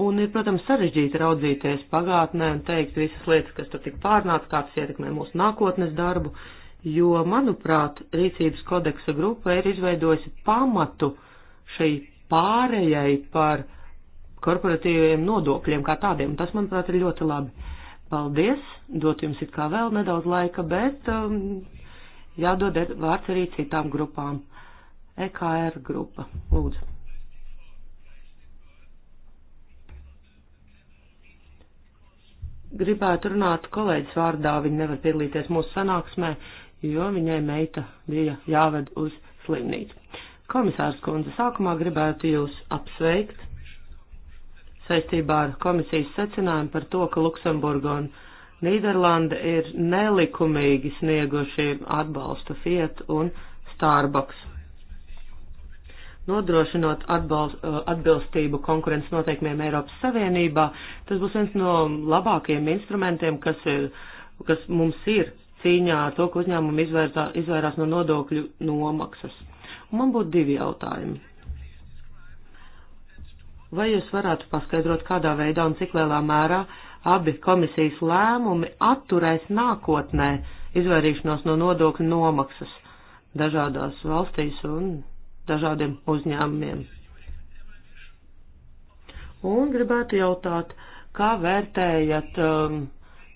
C: Un ir, protams, sarežģīti raudzīties pagātnē un teikt visas lietas, kas tur tik pārnāca, kāds ietekmē mūsu nākotnes darbu, jo, manuprāt, rīcības kodeksa grupa ir izveidojusi pamatu šai pārējai par korporatīviem nodokļiem kā tādiem. Tas, manuprāt, ir ļoti labi. Paldies, dot jums it kā vēl nedaudz laika, bet um, jādod vārds arī citām grupām. EKR grupa. Lūdzu. Gribētu runāt kolēģis vārdā, viņa nevar piedalīties mūsu sanāksmē, jo viņai meita bija jāved uz slimnīcu. Komisārs kundze, sākumā gribētu jūs apsveikt saistībā ar komisijas secinājumu par to, ka Luksemburga un Nīderlanda ir nelikumīgi snieguši atbalstu Fiat un Starbucks nodrošinot atbalst, uh, atbilstību konkurences noteikumiem Eiropas Savienībā. Tas būs viens no labākajiem instrumentiem, kas, ir, kas mums ir cīņā ar to, ka uzņēmumi izvairzā, izvairās no nodokļu nomaksas. Un man būtu divi jautājumi. Vai jūs varētu paskaidrot, kādā veidā un cik lielā mērā abi komisijas lēmumi atturēs nākotnē izvairīšanos no nodokļu nomaksas dažādās valstīs un dažādiem uzņēmumiem. Un gribētu jautāt, kā vērtējat um,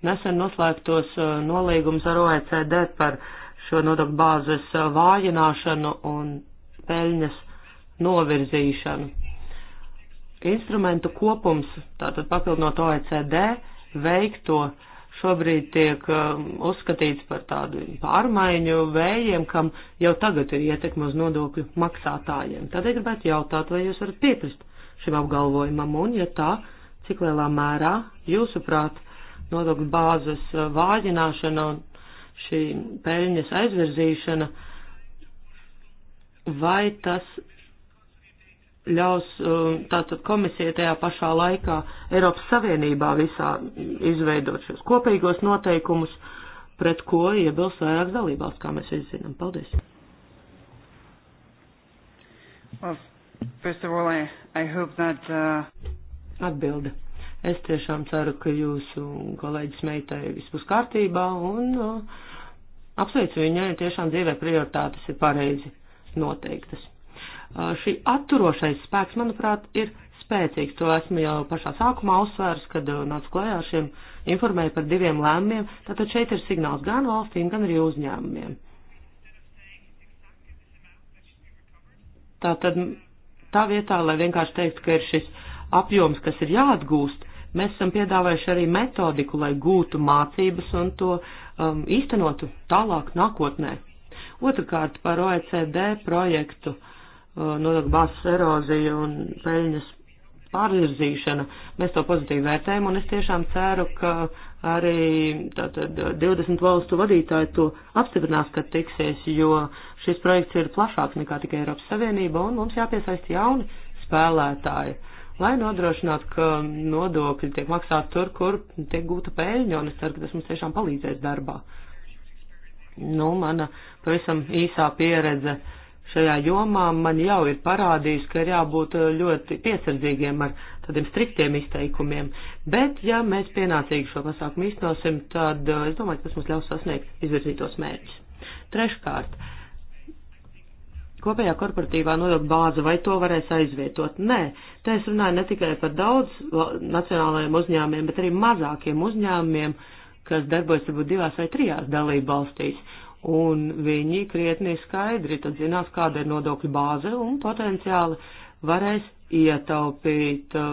C: nesen noslēgtos uh, nolīgumus ar OECD par šo nodokļu bāzes uh, vājināšanu un peļņas novirzīšanu? Instrumentu kopums, tātad papildinot OECD, veikto uh, šobrīd tiek um, uzskatīts par tādu pārmaiņu vējiem, kam jau tagad ir ietekme uz nodokļu maksātājiem. Tādēļ gribētu jautāt, vai jūs varat piekrist šim apgalvojumam, un, ja tā, cik lielā mērā jūsuprāt nodokļu bāzes uh, vājināšana un šī peļņas aizvirzīšana, vai tas ļaus um, tātad komisija tajā pašā laikā Eiropas Savienībā visā izveidot šos kopīgos noteikumus, pret ko iebilst vairākas dalībās, kā mēs visi zinām. Paldies! Well, first of all, I, I hope that, uh... Atbilde. Es tiešām ceru, ka jūsu kolēģis meitai viss būs kārtībā un uh, apsveicu viņai, tiešām dzīvē prioritātes ir pareizi noteiktas šī atturošais spēks, manuprāt, ir spēcīgs. To esmu jau pašā sākumā uzsvērs, kad nācu klajā ar šiem informēju par diviem lēmumiem. Tātad šeit ir signāls gan valstīm, gan arī uzņēmumiem. Tātad tā vietā, lai vienkārši teikt, ka ir šis apjoms, kas ir jāatgūst, mēs esam piedāvājuši arī metodiku, lai gūtu mācības un to um, īstenotu tālāk nākotnē. Otrakārt par OECD projektu. Uh, Uh, notiek bāzes erozija un peļņas pārvirzīšana. Mēs to pozitīvi vērtējam, un es tiešām ceru, ka arī tātad, 20 valstu vadītāji to apstiprinās, kad tiksies, jo šis projekts ir plašāks nekā tikai Eiropas Savienība, un mums jāpiesaist jauni spēlētāji, lai nodrošinātu, ka nodokļi tiek maksāti tur, kur tiek gūta peļņa, un es ceru, ka tas mums tiešām palīdzēs darbā. Nu, mana pavisam īsā pieredze uh, šajā jomā man jau ir parādījis, ka ir jābūt eh, ļoti piesardzīgiem ar tādiem striktiem izteikumiem, bet ja mēs pienācīgi šo pasākumu īstenosim, tad eh, es domāju, ka tas mums ļaus sasniegt izvirzītos mērķus. Treškārt, kopējā korporatīvā nodokļu bāze, vai to varēs aizvietot? Nē, te es runāju ne tikai par daudz nacionālajiem uzņēmumiem, bet arī mazākiem uzņēmumiem, kas darbojas varbūt divās vai trijās dalību valstīs un viņi krietni skaidri tad zinās, kāda ir nodokļu bāze un potenciāli varēs ietaupīt eh,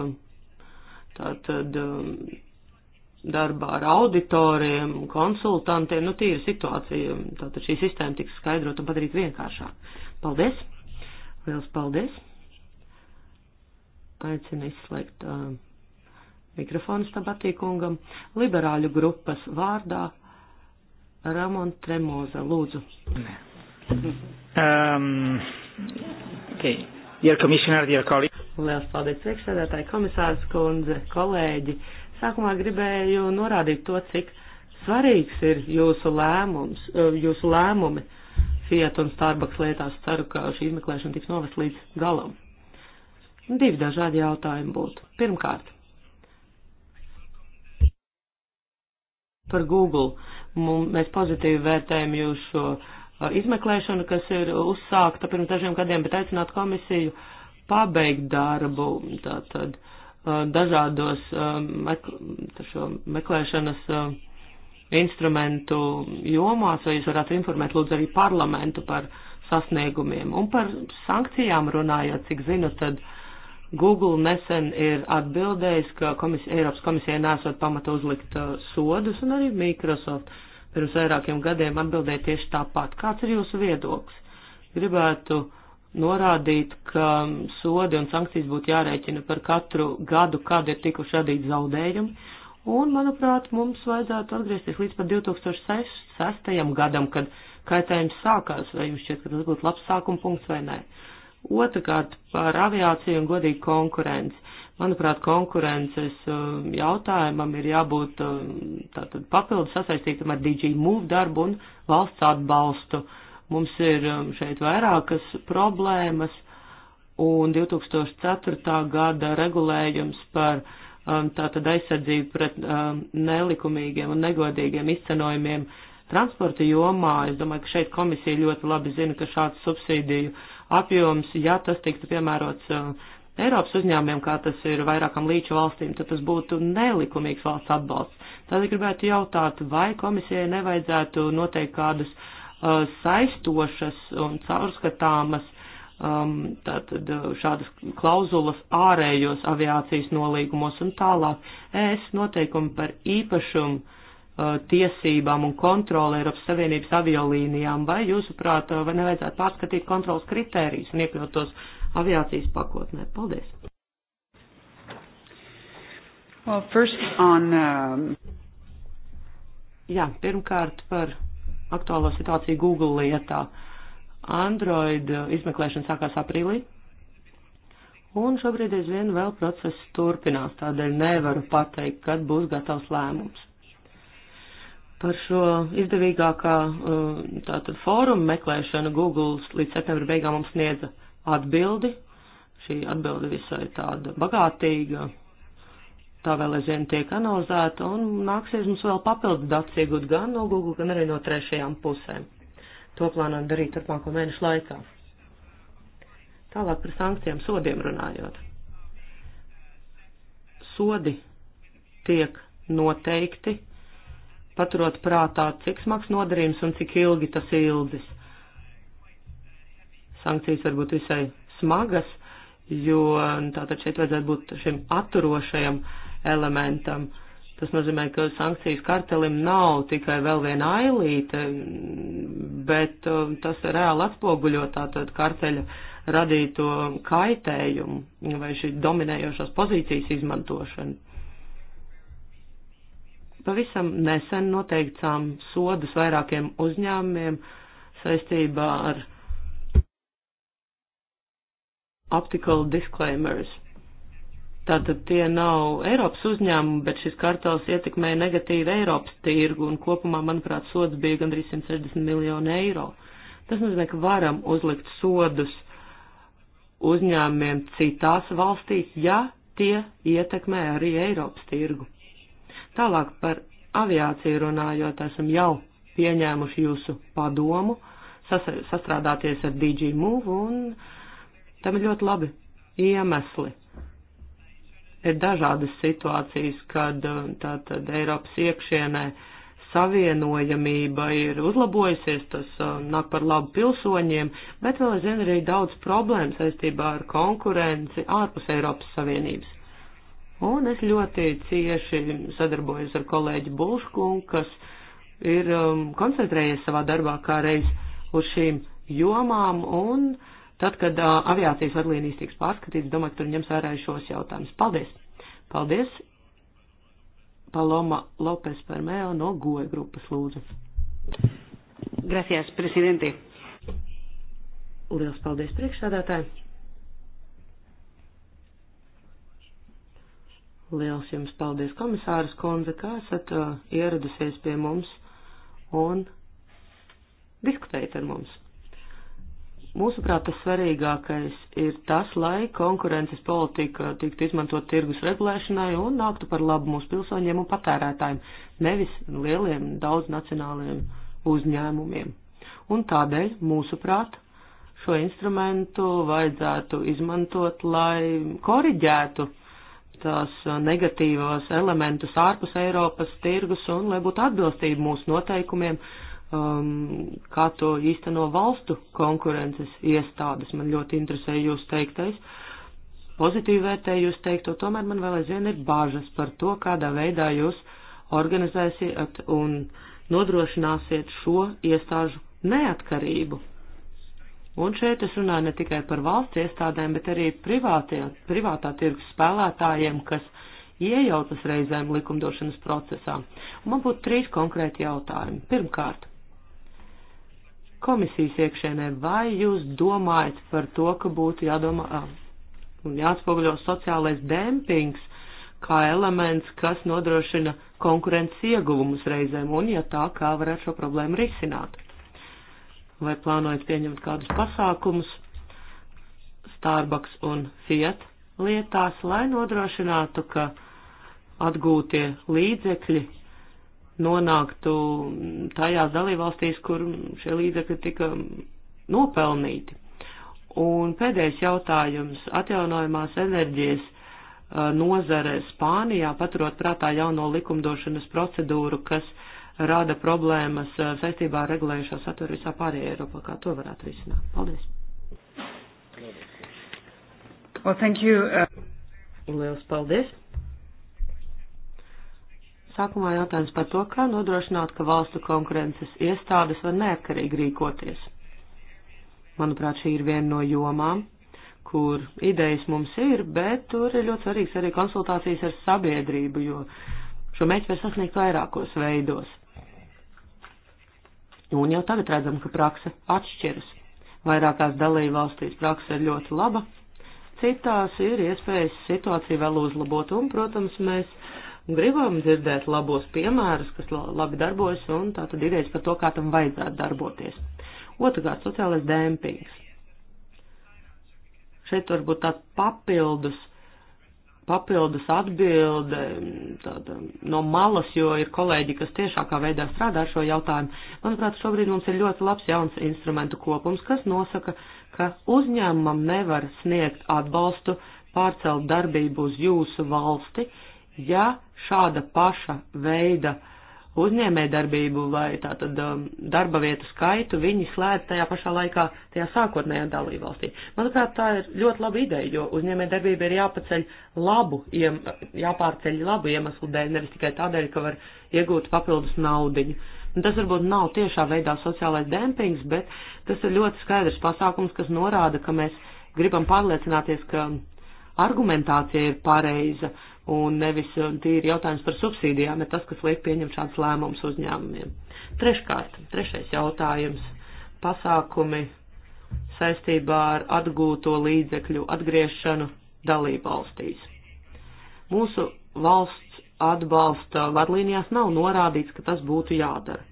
C: tātad eh, darbā ar auditoriem, konsultantiem, nu tīra situācija, tātad šī sistēma tiks skaidrot un padarīt vienkāršāk. Paldies! Liels paldies! Aicinu izslēgt uh, eh, mikrofonu stabatīkungam. Liberāļu grupas vārdā Ramon Tremoza, lūdzu. Um, okay. Dear Commissioner, dear colleague. Lielas paldies priekšsēdētāji, komisārs kundze, kolēģi. Sākumā gribēju norādīt to, cik svarīgs ir jūsu lēmums, uh, jūsu lēmumi Fiat un Starbucks lietās. Ceru, ka šī izmeklēšana tiks novest līdz galam. Divi dažādi jautājumi būtu. Pirmkārt, par Google. Mēs pozitīvi vērtējam jūsu uh, izmeklēšanu, kas ir uzsākta pirms dažiem gadiem, bet aicināt komisiju pabeigt darbu tātad uh, dažādos uh, šo meklēšanas instrumentu jomās, vai jūs varētu informēt lūdzu arī parlamentu par sasniegumiem. Un par sankcijām runājot, cik zinu, tad Google nesen ir atbildējis, ka komisija, Eiropas komisijai nesot pamata uzlikt sodus un arī Microsoft. Uh, pirms vairākiem gadiem atbildēja tieši tāpat. Kāds ir jūsu viedoklis? Gribētu norādīt, ka sodi un sankcijas būtu jārēķina par katru gadu, kad ir tikuši radīti zaudējumi. Un, manuprāt, mums vajadzētu atgriezties līdz pat 2006. gadam, kad kaitējums sākās, vai jums šķiet, ka tas būtu labs sākuma punkts vai nē. Otrakārt, par aviāciju un godīgu konkurenci. Manuprāt, konkurences um, jautājumam ir jābūt um, tātad papildu sasaistītam ar DG Move darbu un valsts atbalstu. Mums ir um, šeit vairākas problēmas, un 2004. gada regulējums par tātad aizsardzību pret nelikumīgiem un negodīgiem izcenojumiem transporta jomā. Es domāju, ka šeit komisija ļoti labi zina, ka šāds subsīdiju apjoms, ja tas tiktu piemērots Eiropas uzņēmumiem, kā tas ir vairākam līču valstīm, tad tas būtu nelikumīgs valsts atbalsts. Tādēļ gribētu jautāt, vai komisijai nevajadzētu noteikt kādus uh, saistošas un caurskatāmas um, tātad, uh, šādas klauzulas ārējos aviācijas nolīgumos un tālāk. Es noteikumi par īpašumu uh, tiesībām un kontroli Eiropas Savienības aviolīnijām, vai jūsuprāt, uh, vai nevajadzētu pārskatīt kontrolas kritērijas un iekļautos aviācijas pakotnē. Paldies! Well, first on, um... Jā, pirmkārt par aktuālo situāciju Google lietā. Android uh, izmeklēšana sākās aprīlī, un šobrīd aizvien vēl process turpinās, tādēļ nevaru pateikt, kad būs gatavs lēmums. Par šo izdevīgākā uh, tātad fórumu meklēšanu Google līdz septembra beigām mums sniedza atbildi. Šī atbilde visai tāda bagātīga. Tā vēl aizvien tiek analizēta un nāksies mums vēl papildu datus iegūt gan no Google, gan arī no trešajām pusēm. To plānojam darīt turpmāko mēnešu laikā. Tālāk par sankcijām sodiem runājot. Sodi tiek noteikti, paturot prātā, cik smags nodarījums un cik ilgi tas ilgis sankcijas var būt visai smagas, jo nu, tātad šeit vajadzētu būt šim atturošajam elementam. Tas nozīmē, ka sankcijas kartelim nav tikai vēl viena ailīte, bet tas reāli atspoguļo tātad karteļa radīto kaitējumu vai šī dominējošās pozīcijas izmantošanu. Pavisam nesen noteicām sodus vairākiem uzņēmumiem saistībā ar optical disclaimers. Tātad tie nav Eiropas uzņēmumi, bet šis kartels ietekmēja negatīvi Eiropas tirgu un kopumā, manuprāt, sods bija gandrīz 160 miljonu eiro. Tas nozīmē, ka varam uzlikt sodus uzņēmumiem citās valstīs, ja tie ietekmē arī Eiropas tirgu. Tālāk par aviāciju runājot, esam jau pieņēmuši jūsu padomu, sastrādāties ar DG Move un uh, Tam ir ļoti labi iemesli. Ir dažādas situācijas, kad uh, tātad Eiropas iekšienē savienojamība ir uzlabojusies, tas uh, nāk par labu pilsoņiem, bet vēl aizvien arī daudz problēmu saistībā ar konkurenci ārpus Eiropas Savienības. Un es ļoti cieši sadarbojos ar kolēģi Bulškunu, kas ir um, koncentrējies savā darbā kā reiz uz šīm jomām un uh, Tad, kad uh, aviācijas vadlīnijas tiks pārskatīts, domāju, ka tur ņems vērā šos jautājumus. Paldies! Paldies! Paloma Lopes Permeo no Goja grupas lūdzu. Gracias, prezidente. Liels paldies priekšsādātāji. Liels jums paldies, komisāras kundze, kā esat uh, ieradusies pie mums un diskutējat ar mums. Mūsuprāt, tas svarīgākais ir tas, lai konkurences politika tiktu izmantot tirgus regulēšanai un nāktu par labu mūsu pilsoņiem un patērētājiem, nevis lieliem daudznacionāliem uzņēmumiem. Un tādēļ, mūsuprāt, šo instrumentu vajadzētu izmantot, lai koriģētu tās negatīvos elementus ārpus Eiropas tirgus un lai būtu atbilstība mūsu noteikumiem, uh, um, kā to īsteno valstu konkurences iestādes. Man ļoti interesē jūs teiktais. Pozitīvi vērtēju jūs teikto, tomēr man vēl aizvien ir bāžas par to, kādā veidā jūs organizēsiet un nodrošināsiet šo iestāžu neatkarību. Un šeit es runāju ne tikai par valsts iestādēm, bet arī privātie, privātā tirgus spēlētājiem, kas iejaucas reizēm likumdošanas procesā. Un man būtu trīs konkrēti jautājumi. Pirmkārt, komisijas iekšēnē, vai jūs domājat par to, ka būtu jādomā un jāatspoguļo sociālais dempings kā elements, kas nodrošina konkurences ieguvumus reizēm, un ja tā, kā varētu šo problēmu risināt? Vai plānojat pieņemt kādus pasākumus Starbucks un Fiat lietās, lai nodrošinātu, ka atgūtie līdzekļi nonāktu tajās dalībvalstīs, kur šie līdzekļi tika nopelnīti. Un pēdējais jautājums - atjaunojumās enerģijas uh, nozare Spānijā, paturot prātā jauno likumdošanas procedūru, kas rada problēmas uh, saistībā ar regulējušo saturu visā pārējā Eiropā. Kā to varētu risināt? Paldies! Well, thank you. Uh... Liels paldies! Sākumā jautājums par to, kā nodrošināt, ka valstu konkurences iestādes var neatkarīgi rīkoties. Manuprāt, šī ir viena no jomām, kur idejas mums ir, bet tur ir ļoti svarīgs arī konsultācijas ar sabiedrību, jo šo mērķi var sasniegt vairākos veidos. Un jau tagad redzam, ka prakse atšķiras. Vairākās dalībvalstīs prakse ir ļoti laba, citās ir iespējas situāciju vēl uzlabot, un, protams, mēs gribam dzirdēt labos piemērus, kas labi darbojas, un tā tad idejas par to, kā tam vajadzētu darboties. Otrakārt, sociālais dēmpings. Šeit varbūt tāds papildus, papildus atbilde tāda, no malas, jo ir kolēģi, kas tiešākā veidā strādā ar šo jautājumu. Manuprāt, šobrīd mums ir ļoti labs jauns instrumentu kopums, kas nosaka, ka uzņēmumam nevar sniegt atbalstu, pārcelt darbību uz jūsu valsti, ja šāda paša veida uzņēmējdarbību vai tātad um, darba vietu skaitu viņi slēdz tajā pašā laikā, tajā sākotnējā dalībvalstī. Manuprāt, tā ir ļoti laba ideja, jo uzņēmējdarbība ir jāpaceļ labu, iem, jāpārceļ labu iemeslu dēļ, nevis tikai tādēļ, ka var iegūt papildus naudiņu. Un tas varbūt nav tiešā veidā sociālais dempings, bet tas ir ļoti skaidrs pasākums, kas norāda, ka mēs gribam pārliecināties, ka argumentācija ir pareiza, un nevis um, tīri jautājums par subsīdijām, bet tas, kas liek pieņemt šāds lēmums uzņēmumiem. Treškārt, trešais jautājums - pasākumi saistībā ar atgūto līdzekļu atgriešanu dalībvalstīs. Mūsu valsts atbalsta vadlīnijās nav norādīts, ka tas būtu jādara.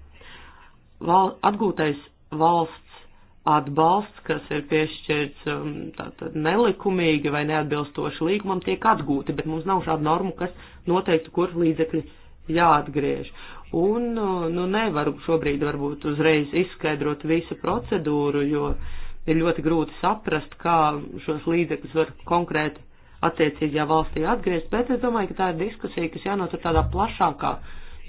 C: Val, atgūtais valsts atbalsts, kas ir piešķirts um, tātad nelikumīgi vai neatbilstoši līgumam, tiek atgūti, bet mums nav šādu normu, kas noteiktu, kur līdzekļi jāatgriež. Un, uh, nu, nevaru šobrīd varbūt uzreiz izskaidrot visu procedūru, jo ir ļoti grūti saprast, kā šos līdzekļus var konkrēti attiecīgajā valstī atgriezt, bet es domāju, ka tā ir diskusija, kas jānotur tādā plašākā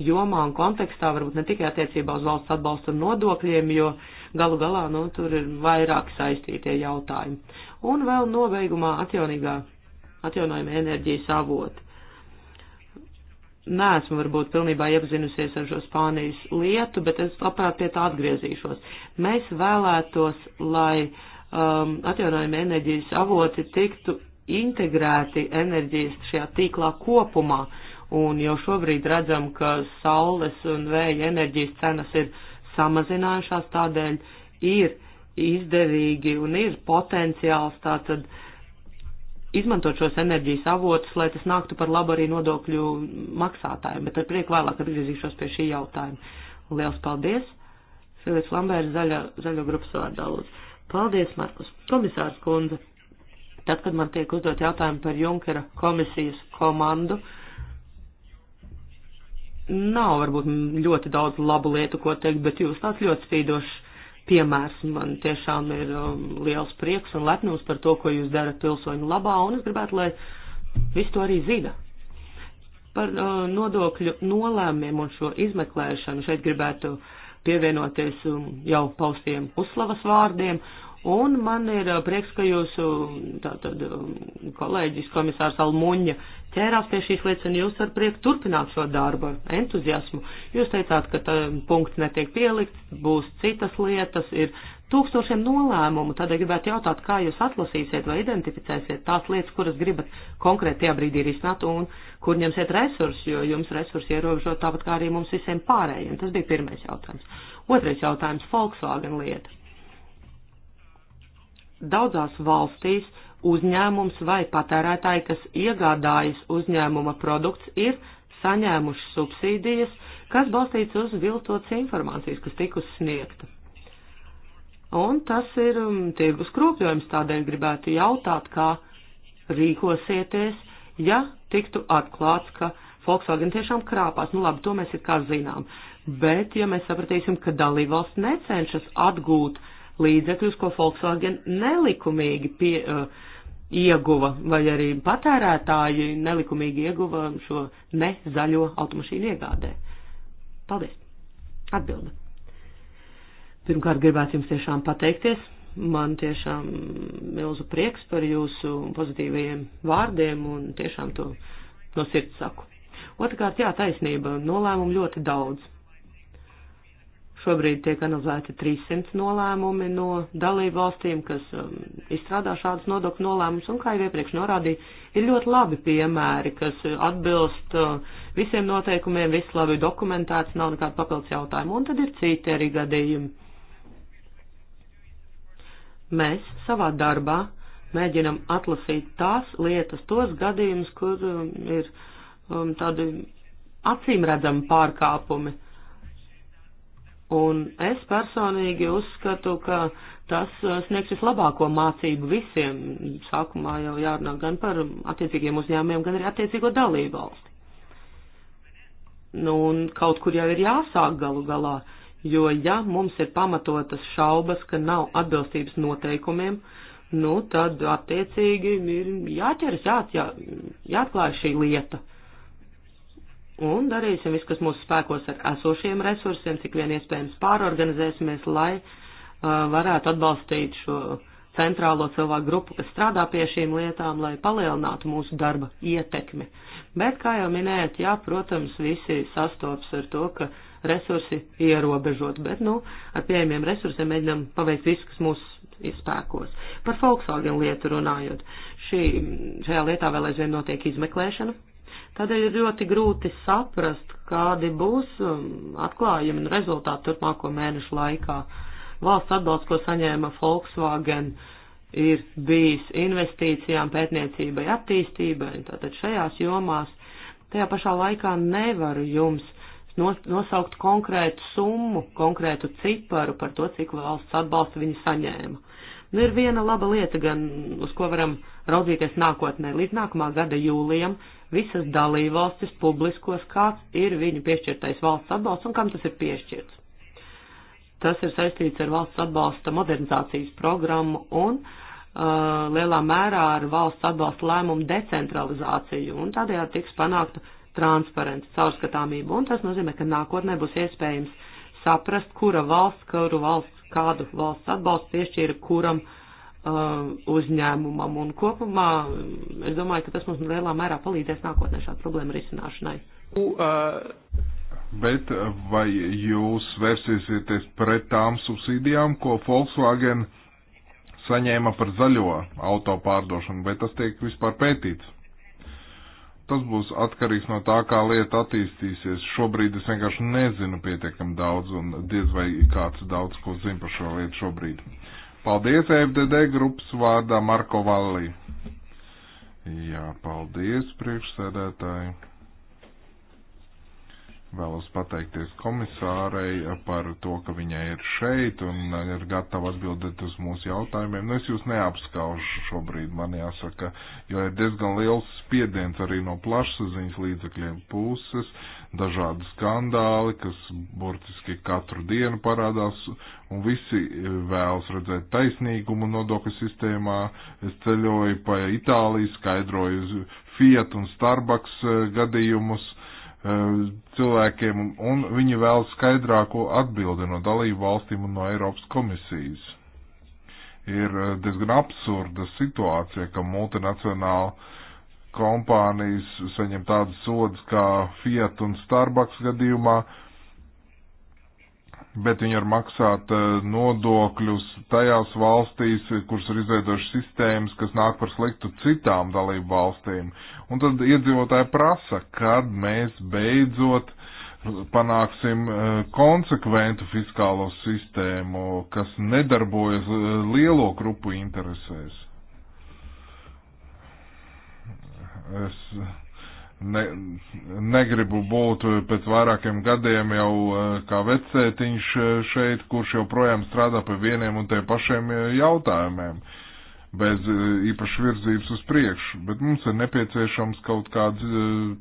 C: jomā un kontekstā, varbūt ne tikai attiecībā uz valsts atbalstu un nodokļiem, jo galu galā, nu, tur ir vairāk saistītie jautājumi. Un vēl nobeigumā atjaunīgā, atjaunojuma enerģijas avoti. Nēsmu varbūt pilnībā iepazinusies ar šo Spānijas lietu, bet es labprāt pie tā atgriezīšos. Mēs vēlētos, lai um, atjaunojuma enerģijas avoti tiktu integrēti enerģijas šajā tīklā kopumā, uh, un jau šobrīd redzam, ka saules un vēja enerģijas cenas ir samazinājušās, tādēļ ir izdevīgi un ir potenciāls tātad izmantot šos enerģijas avotus, lai tas nāktu par labu arī nodokļu maksātājiem, bet ar prieku vēlāk atgriezīšos pie šī jautājuma. Liels paldies! Filips Lambērs zaļa, zaļo grupas vārdā lūdzu. Paldies, Markus. Komisārs kundze, tad, kad man tiek uzdot jautājumi par Junkera komisijas komandu, uh, nav varbūt ļoti daudz labu lietu, ko teikt, bet jūs tāds ļoti spīdošs piemērs. Man tiešām ir um, liels prieks un lepnums par to, ko jūs darat pilsoņu labā, un es gribētu, lai visu to arī zina. Par uh, nodokļu nolēmiem un šo izmeklēšanu šeit gribētu pievienoties um, jau paustiem uzslavas vārdiem Un man ir uh, prieks, ka jūsu um, tātad, um, kolēģis komisārs Almuņa ķērās pie šīs lietas, un jūs ar prieku turpināt šo darbu ar entuziasmu. Jūs teicāt, ka tā, um, punkts netiek pielikts, būs citas lietas, ir tūkstošiem nolēmumu, tad gribētu jautāt, kā jūs atlasīsiet vai identificēsiet tās lietas, kuras gribat konkrēti tajā brīdī risināt, un kur ņemsiet resursus, jo jums resursi ierobežot tāpat kā arī mums visiem pārējiem. Tas bija pirmais jautājums. Otrais jautājums - Volkswagen lieta Daudzās valstīs uzņēmums vai patērētāji, kas iegādājas uzņēmuma produkts, ir saņēmuši subsīdijas, kas balstīts uz viltotas informācijas, kas tikus sniegta. Un tas ir um, tirgus kropļojums, tādēļ gribētu jautāt, kā rīkosieties, ja tiktu atklāts, ka Volkswagen tiešām krāpās. Nu labi, to mēs ir kā zinām. Bet, ja mēs sapratīsim, ka dalībvalsts necenšas atgūt uh, līdzekļus, ko Volkswagen nelikumīgi pie, uh, ieguva, vai arī patērētāji nelikumīgi ieguva šo nezaļo automašīnu iegādē. Paldies! Atbilde. Pirmkārt, gribētu jums tiešām pateikties. Man tiešām milzu prieks par jūsu pozitīvajiem vārdiem un tiešām to no sirds saku. Otrakārt, jā, taisnība, nolēmumu ļoti daudz Šobrīd tiek analizēti 300 nolēmumi no dalību valstīm, kas um, izstrādā šādus nodokļu nolēmumus, un, kā jau iepriekš norādīju, ir ļoti labi piemēri, kas uh, atbilst uh, visiem noteikumiem, viss labi dokumentēts, nav nekāda papildus jautājuma, un tad ir citi arī gadījumi. Mēs savā darbā mēģinam atlasīt tās lietas, tos gadījumus, kur um, ir um, tādi acīmredzami pārkāpumi Un es personīgi uzskatu, ka tas uh, sniegs vislabāko mācību visiem. Sākumā jau jārunā gan par attiecīgiem uzņēmumiem, gan arī attiecīgo dalību valsti. Nu, un kaut kur jau ir jāsāk galu galā, jo ja mums ir pamatotas šaubas, ka nav atbilstības noteikumiem, nu, tad attiecīgi ir jāķeras, jā, jā, jāatklāj šī lieta un darīsim visu, kas mūsu spēkos ar esošiem resursiem, cik vien iespējams pārorganizēsimies, lai uh, varētu atbalstīt šo centrālo cilvēku grupu, kas strādā pie šīm lietām, lai palielinātu mūsu darba ietekmi. Bet, kā jau minējāt, jā, protams, visi sastops ar to, ka resursi ierobežot, bet, nu, ar pieejamiem resursiem mēģinām paveikt visu, kas mūsu spēkos. Par Volkswagen lietu runājot, šī, šajā lietā vēl aizvien notiek izmeklēšana, Tādēļ ir ļoti grūti saprast, kādi būs um, atklājumi un rezultāti turpmāko mēnešu laikā. Valsts atbalsts, ko saņēma Volkswagen, ir bijis investīcijām, pētniecībai, attīstībai, tātad šajās jomās. Tajā pašā laikā nevaru jums nosaukt konkrētu summu, konkrētu ciparu par to, cik valsts atbalsta viņi saņēma. Nu, ir viena laba lieta, gan uz ko varam raudzīties nākotnē. Līdz nākamā gada jūlijam visas dalībvalstis publiskos, kāds ir viņu piešķirtais valsts atbalsts un kam tas ir piešķirts. Tas ir saistīts ar valsts atbalsta modernizācijas programmu un uh, lielā mērā ar valsts atbalsta lēmumu decentralizāciju, un tādējādi tiks panākta transparents, caurskatāmība, un tas nozīmē, ka nākotnē būs iespējams saprast, kura valsts, kuru valsts, kādu valsts atbalstu piešķīra kuram uh, Um, uzņēmumam. Un kopumā es domāju, ka tas mums lielā mērā palīdzēs nākotnē šādu problēmu risināšanai.
A: Uh, Bet uh, vai jūs vērsīsieties pret tām subsīdijām, ko Volkswagen saņēma par zaļo auto pārdošanu, vai tas tiek vispār pētīts? Tas būs atkarīgs no tā, kā lieta attīstīsies. Šobrīd es vienkārši nezinu pietiekam daudz un diez vai kāds daudz ko zina par šo lietu šobrīd. Paldies, FDD grupas vārdā Marko Vallī. Jā, paldies, priekšsēdētāji. Vēlos pateikties komisārei par to, ka viņa ir šeit un ir gatava atbildēt uz mūsu jautājumiem. Nu, es jūs neapskaužu šobrīd, man jāsaka, jo ir diezgan liels spiediens arī no plašsaziņas līdzekļiem puses. Uh, dažādi skandāli, kas burtiski katru dienu parādās, un visi vēlas redzēt taisnīgumu nodokļu sistēmā. Es ceļoju pa Itāliju, skaidroju Fiat un Starbucks e, gadījumus e, cilvēkiem, un viņi vēl skaidrāko atbildi no dalību valstīm un no Eiropas komisijas. Ir e, diezgan absurda situācija, ka multinacionāla kompānijas saņem tādas sodas kā Fiat un Starbucks gadījumā, bet viņi var maksāt eh, nodokļus tajās valstīs, kuras ir izveidojušas sistēmas, kas nāk par sliktu citām dalību valstīm. Un tad iedzīvotāji prasa, kad mēs beidzot panāksim eh, konsekventu fiskālo sistēmu, kas nedarbojas eh, lielo grupu interesēs. Es ne, negribu būt pēc vairākiem gadiem jau eh, kā vecētiņš eh, šeit, kurš joprojām strādā pie vieniem un tiem pašiem eh, jautājumiem, bez īpaši virzības uz priekšu, bet mums ir nepieciešams kaut kāds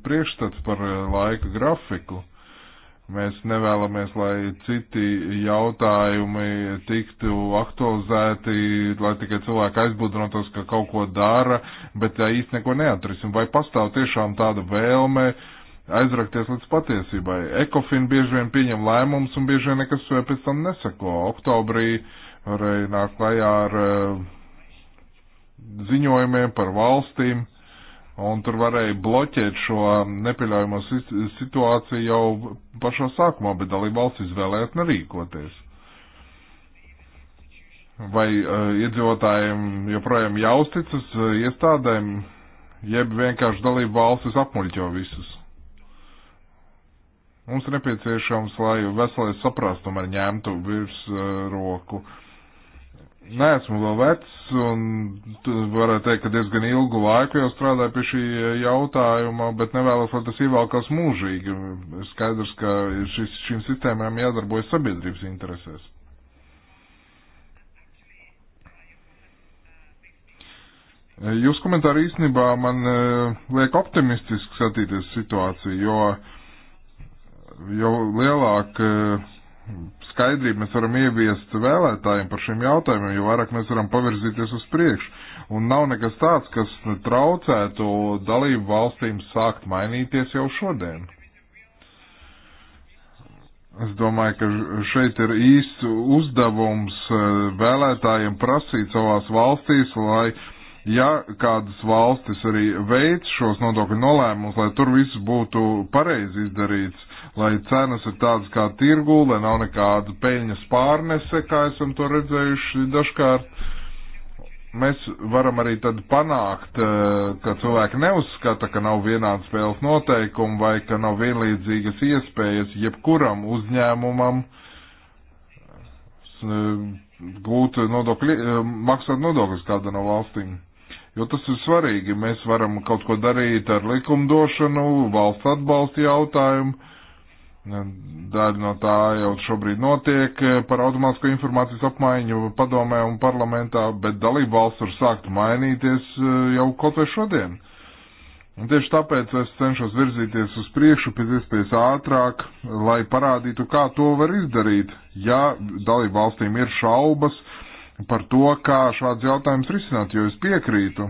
A: priekšstats par laika grafiku. Mēs nevēlamies, lai citi jautājumi tiktu aktualizēti, lai tikai cilvēki aizbudinotos, ka kaut ko dara, bet tā īsti neko neatrisin. Vai pastāv tiešām tāda vēlme aizrakties līdz patiesībai? Ekofin bieži vien pieņem lēmums un bieži vien nekas pēc tam neseko. Oktobrī varēja nākt klajā ar eh, ziņojumiem par valstīm un tur varēja bloķēt šo nepieļaujamo situāciju jau pašā sākumā, bet dalība valsts izvēlējās nerīkoties. Vai uh, iedzīvotājiem joprojām jāuzticas uh, eh, iestādēm, jeb vienkārši dalība valstis apmuļķo visus? Mums ir nepieciešams, lai veselais saprastu, tomēr ņemtu virs uh, roku. Uh, neesmu vēl vecs, un varētu teikt, ka diezgan ilgu laiku jau strādāju pie šī jautājuma, bet nevēlos, lai tas ievēlkās mūžīgi. Skaidrs, ka šis, šīm sistēmām jādarbojas sabiedrības interesēs. Jūs komentāri īstenībā man e, liek optimistiski skatīties situāciju, jo, jo lielāk e, skaidrību mēs varam ieviest vēlētājiem par šiem jautājumiem, jo vairāk mēs varam pavirzīties uz priekšu. Un nav nekas tāds, kas traucētu dalību valstīm sākt mainīties jau šodien. Es domāju, ka šeit ir īsts uzdevums eh, vēlētājiem prasīt savās valstīs, lai ja kādas valstis arī veids šos nodokļu nolēmumus, lai tur viss būtu pareizi izdarīts, lai cenas ir tādas kā tirgū, lai nav nekāda peļņas pārnese, kā esam to redzējuši dažkārt. Mēs varam arī tad panākt, eh, ka cilvēki neuzskata, ka nav vienāds spēles noteikumi vai ka nav vienlīdzīgas iespējas jebkuram uzņēmumam eh, gūt nodokļu, eh, maksāt nodokļus kāda no valstīm. Jo tas ir svarīgi, mēs varam kaut ko darīt ar likumdošanu, valsts atbalsta jautājumu, Daļa no tā jau šobrīd notiek eh, par automātisko informācijas apmaiņu padomē un parlamentā, bet dalība valsts var sākt mainīties eh, jau kaut vai šodien. Un tieši tāpēc es cenšos virzīties uz priekšu pēc iespējas ātrāk, lai parādītu, kā to var izdarīt, ja dalību valstīm ir šaubas par to, kā šāds jautājums risināt, jo es piekrītu.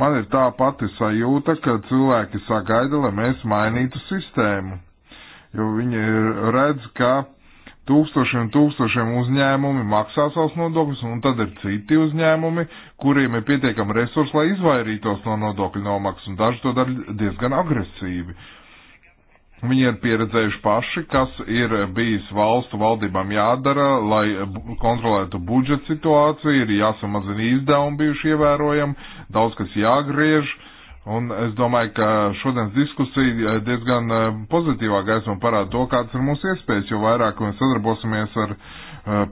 A: Man ir tā pati sajūta, ka cilvēki sagaida, lai mēs mainītu sistēmu jo viņi redz, ka tūkstošiem tūkstošiem uzņēmumi maksā savus nodokļus, un tad ir citi uzņēmumi, kuriem ir pietiekami resursi, lai izvairītos no nodokļu nomaksas, un daži to dara diezgan agresīvi. Viņi ir pieredzējuši paši, kas ir bijis valstu valdībām jādara, lai kontrolētu budžeta situāciju, ir jāsamazina izdevumi bijuši ievērojami, daudz kas jāgriež, uh, Un es domāju, ka šodienas diskusija eh, diezgan eh, pozitīvā gaismā parāda to, kādas ir mūsu iespējas, jo vairāk mēs sadarbosimies ar eh,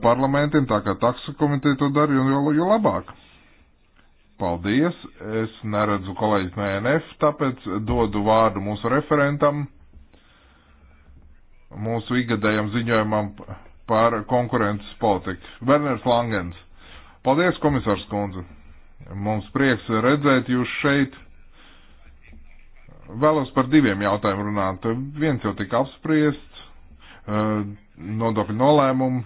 A: parlamentiem, tā kā taksa komiteja to dara, jo, jo labāk. Paldies. Es neredzu kolēģis no e NF, tāpēc dodu vārdu mūsu referentam, mūsu ikgadējam ziņojumam par konkurences politiku. Werners Langens. Paldies, komisārs Kundze. Mums prieks redzēt jūs šeit Vēlos par diviem jautājumiem runāt. Viens jau tika apspriests, eh, nodokļu nolēmumu.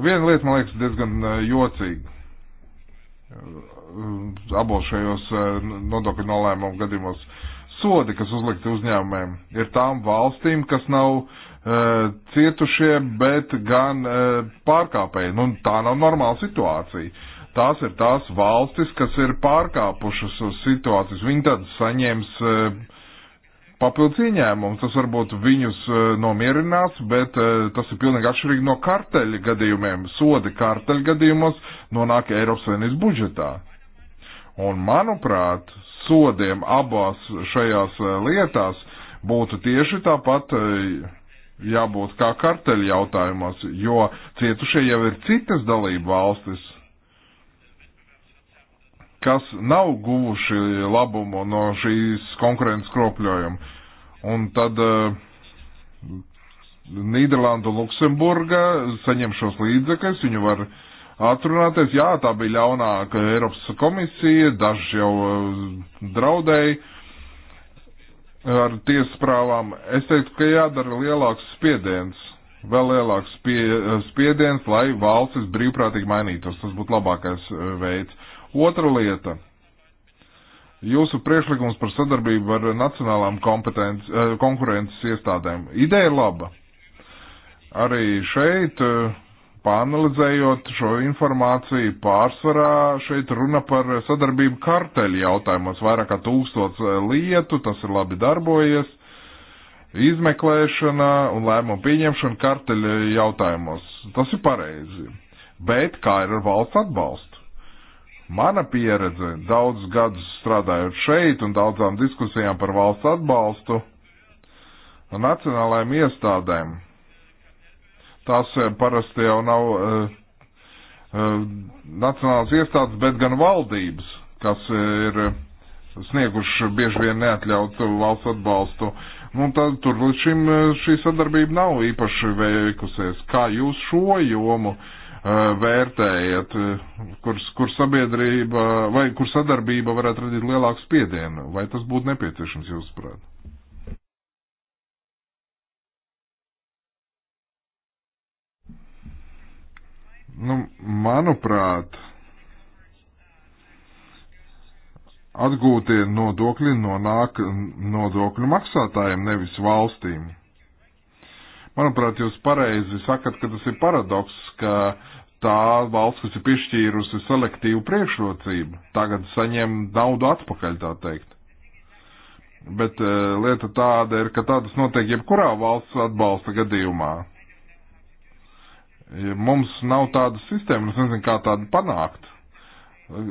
A: Viena lieta, man liekas, diezgan eh, jocīga. Eh, abos šajos nodokļu nolēmumu gadījumos sodi, kas uzlikti uzņēmumiem, ir tām valstīm, kas nav cietušie, bet gan pārkāpēji. Nu, tā nav normāla situācija. Tās ir tās valstis, kas ir pārkāpušas uz situācijas. Viņi tad saņems e, papildus ieņēmumu. Tas varbūt viņus e, nomierinās, bet e, tas ir pilnīgi atšķirīgi no karteļa gadījumiem. Sodi karteļa gadījumos nonāk Eiropas Savienības budžetā. Un, manuprāt, sodiem abās šajās lietās būtu tieši tāpat jābūt kā karteļa jautājumos, jo cietušie jau ir citas dalība valstis kas nav guvuši labumu no šīs konkurences kropļojuma. Un tad uh, Nīderlanda un Luksemburga saņem šos līdzekļus, viņu var atrunāties. Jā, tā bija ļaunāka Eiropas komisija, daži jau uh, eh, draudēja ar tiesprāvām. Es teiktu, ka jādara lielāks spiediens vēl lielāks spie, eh, spiediens, lai valstis brīvprātīgi mainītos. Tas būtu labākais veids. Otra lieta. Jūsu priekšlikums par sadarbību ar nacionālām eh, konkurences iestādēm. Ideja ir laba. Arī šeit, eh, pāanalizējot šo informāciju, pārsvarā šeit runa par sadarbību karteļu jautājumos. Vairāk kā tūkstots eh, lietu, tas ir labi darbojies. Izmeklēšana un lēmumu pieņemšana karteļu jautājumos. Tas ir pareizi. Bet kā ir ar valsts atbalstu? Mana pieredze, daudz gadus strādājot šeit un daudzām diskusijām par valsts atbalstu un nacionālajiem iestādēm, tās eh, parasti jau nav uh, uh, nacionālās iestādes, bet gan valdības, kas ir snieguši bieži vien neatļautu valsts atbalstu. Nu, tad tur līdz šim šī sadarbība nav īpaši veikusies. Kā jūs šo jomu uh, Eh, vērtējat, kur, kur sabiedrība vai kur sadarbība varētu radīt lielāku spiedienu, vai tas būtu nepieciešams jūsuprāt? Nu, manuprāt, atgūtie nodokļi nonāk nodokļu maksātājiem, nevis valstīm. Manuprāt, jūs pareizi sakat, ka tas ir paradoks, ka tā valsts, kas ir piešķīrusi selektīvu priekšrocību, tagad saņem naudu atpakaļ, tā teikt. Bet uh, lieta tāda ir, ka tādas notiek jebkurā valsts atbalsta gadījumā. Ja mums nav tādas sistēmas, es nezinu, kā tādu panākt e,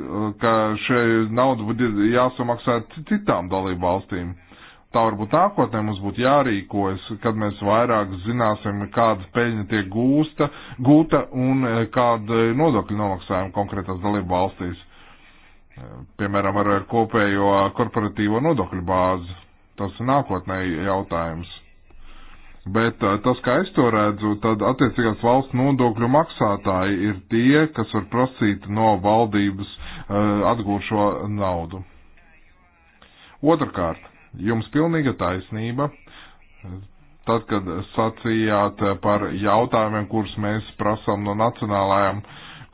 A: ka šai naudu būtu jāsamaksā citām dalību valstīm tā varbūt nākotnē mums būtu jārīkojas, kad mēs vairāk zināsim, kāda peļņa tiek gūsta, gūta un eh, kāda nodokļu nomaksājuma konkrētās dalību valstīs. Eh, piemēram, ar kopējo korporatīvo nodokļu bāzi. Tas ir nākotnē jautājums. Bet eh, tas, kā es to redzu, tad attiecīgās valsts nodokļu maksātāji ir tie, kas var prasīt no valdības uh, atgūšo naudu. Otrakārt, Jums pilnīga taisnība. Tad, kad sacījāt par jautājumiem, kurus mēs prasām no nacionālajām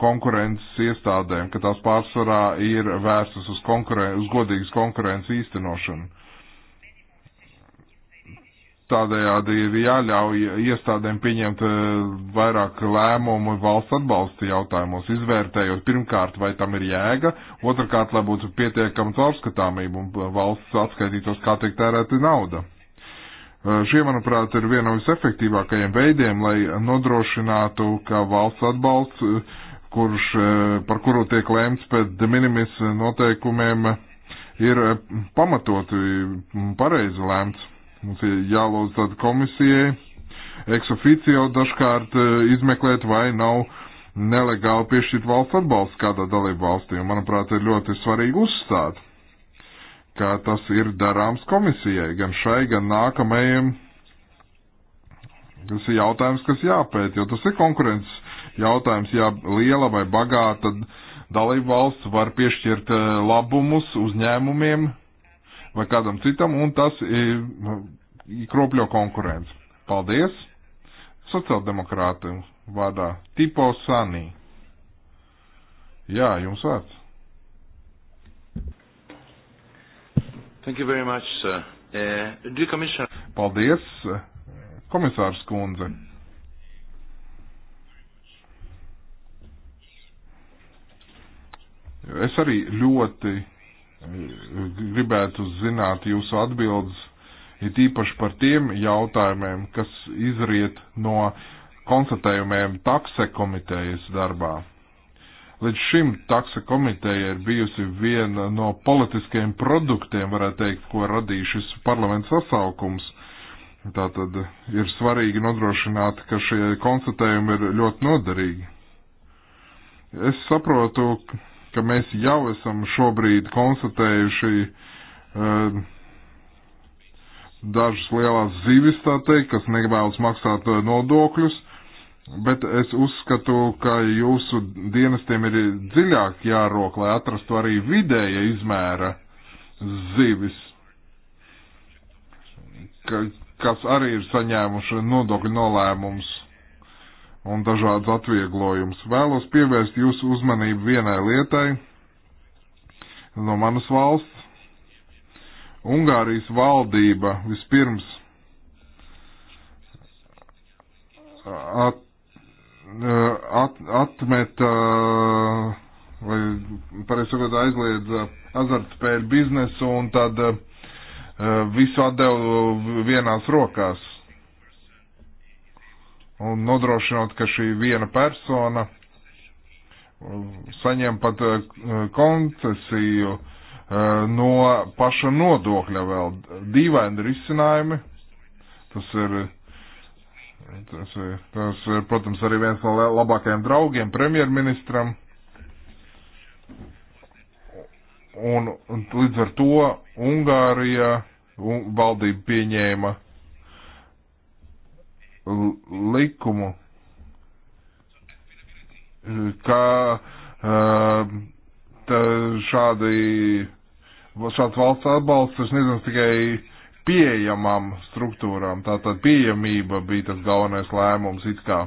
A: konkurences iestādēm, ka tās pārsvarā ir vērstas uz, konkuren uz godīgas konkurences īstenošanu. Tādējādi ir jāļauj iestādēm pieņemt eh, vairāk lēmumu valsts atbalsta jautājumos, izvērtējot pirmkārt, vai tam ir jēga, otrkārt, lai būtu pietiekama caurskatāmība un valsts atskaitītos, kā tiek tērēta nauda. Eh, šie, manuprāt, ir viena no visefektīvākajiem veidiem, lai nodrošinātu, ka valsts atbalsts, eh, kurš, par kuru tiek lēmts pēc de minimis noteikumiem, ir pamatoti pareizi lēmts Mums ir jālūdz tad komisijai eksoficio dažkārt e, izmeklēt, vai nav nelegāli piešķirt valsts atbalsts kādā dalību valstī. Un, manuprāt, ir ļoti svarīgi uzstāt, ka tas ir darāms komisijai, gan šai, gan nākamajam. Tas ir jautājums, kas jāpēt, jo tas ir konkurences jautājums, ja liela vai bagāta dalību valsts var piešķirt e, labumus uzņēmumiem, vai kādam citam, un tas kropļo konkurence. Paldies! Sociāldemokrāta vārdā Tipo Sanī. Jā, jums vārds. Thank you very much, sir. Uh, dear Commissioner. Paldies, eh, komisārs kundze. Es arī ļoti gribētu zināt jūsu atbildes, it īpaši par tiem jautājumiem, kas izriet no konstatējumiem takse komitejas darbā. Līdz šim takse komiteja ir bijusi viena no politiskajiem produktiem, varētu teikt, ko radīja šis parlaments sasaukums. Tātad ir svarīgi nodrošināt, ka šie konstatējumi ir ļoti noderīgi. Es saprotu, ka ka mēs jau esam šobrīd konstatējuši uh, dažas lielās zivis, tā teikt, kas nevēlas maksāt eh, nodokļus, bet es uzskatu, ka jūsu dienestiem ir dziļāk jārok, lai atrastu arī vidēja izmēra zivis, ka, kas arī ir saņēmuši nodokļu nolēmumus un dažādas atvieglojumus. Vēlos pievērst jūsu uzmanību vienai lietai no manas valsts. Ungārijas valdība vispirms at, at, atmeta, vai pareizi sakot, aizliedza azartspēļu biznesu un tad visu atdevu vienās rokās un nodrošinot, ka šī viena persona saņem pat eh, koncesiju eh, no paša nodokļa vēl. Dīvaini risinājumi. Tas ir, tas ir, tas ir, protams, arī viens no labākajiem draugiem premjerministram. Un, un līdz ar to Ungārija un valdība pieņēma likumu, ka e, šādi, šāds valsts atbalsts ir sniedzams tikai pieejamām struktūrām. Tātad pieejamība bija tas galvenais lēmums it kā.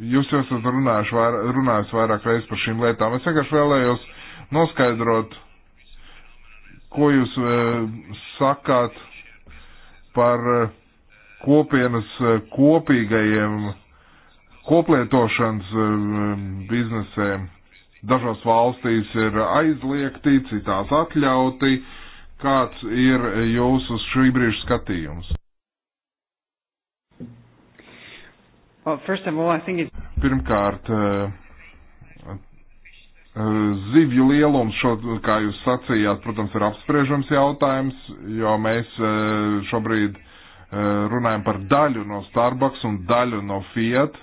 A: Jūs jau esat runājuši vair, runājis vairāk reizes par šīm lietām. Es vienkārši vēlējos noskaidrot, ko jūs e, sakāt par eh, kopienas eh, kopīgajiem koplietošanas eh, biznesiem. Dažās valstīs ir aizliegti, citās atļauti. Kāds ir jūsu šī brīža skatījums? Well,
B: all,
A: Pirmkārt, uh, Zivju lielums, šo, kā jūs sacījāt, protams, ir apspriežams jautājums, jo mēs šobrīd runājam par daļu no Starbucks un daļu no Fiat.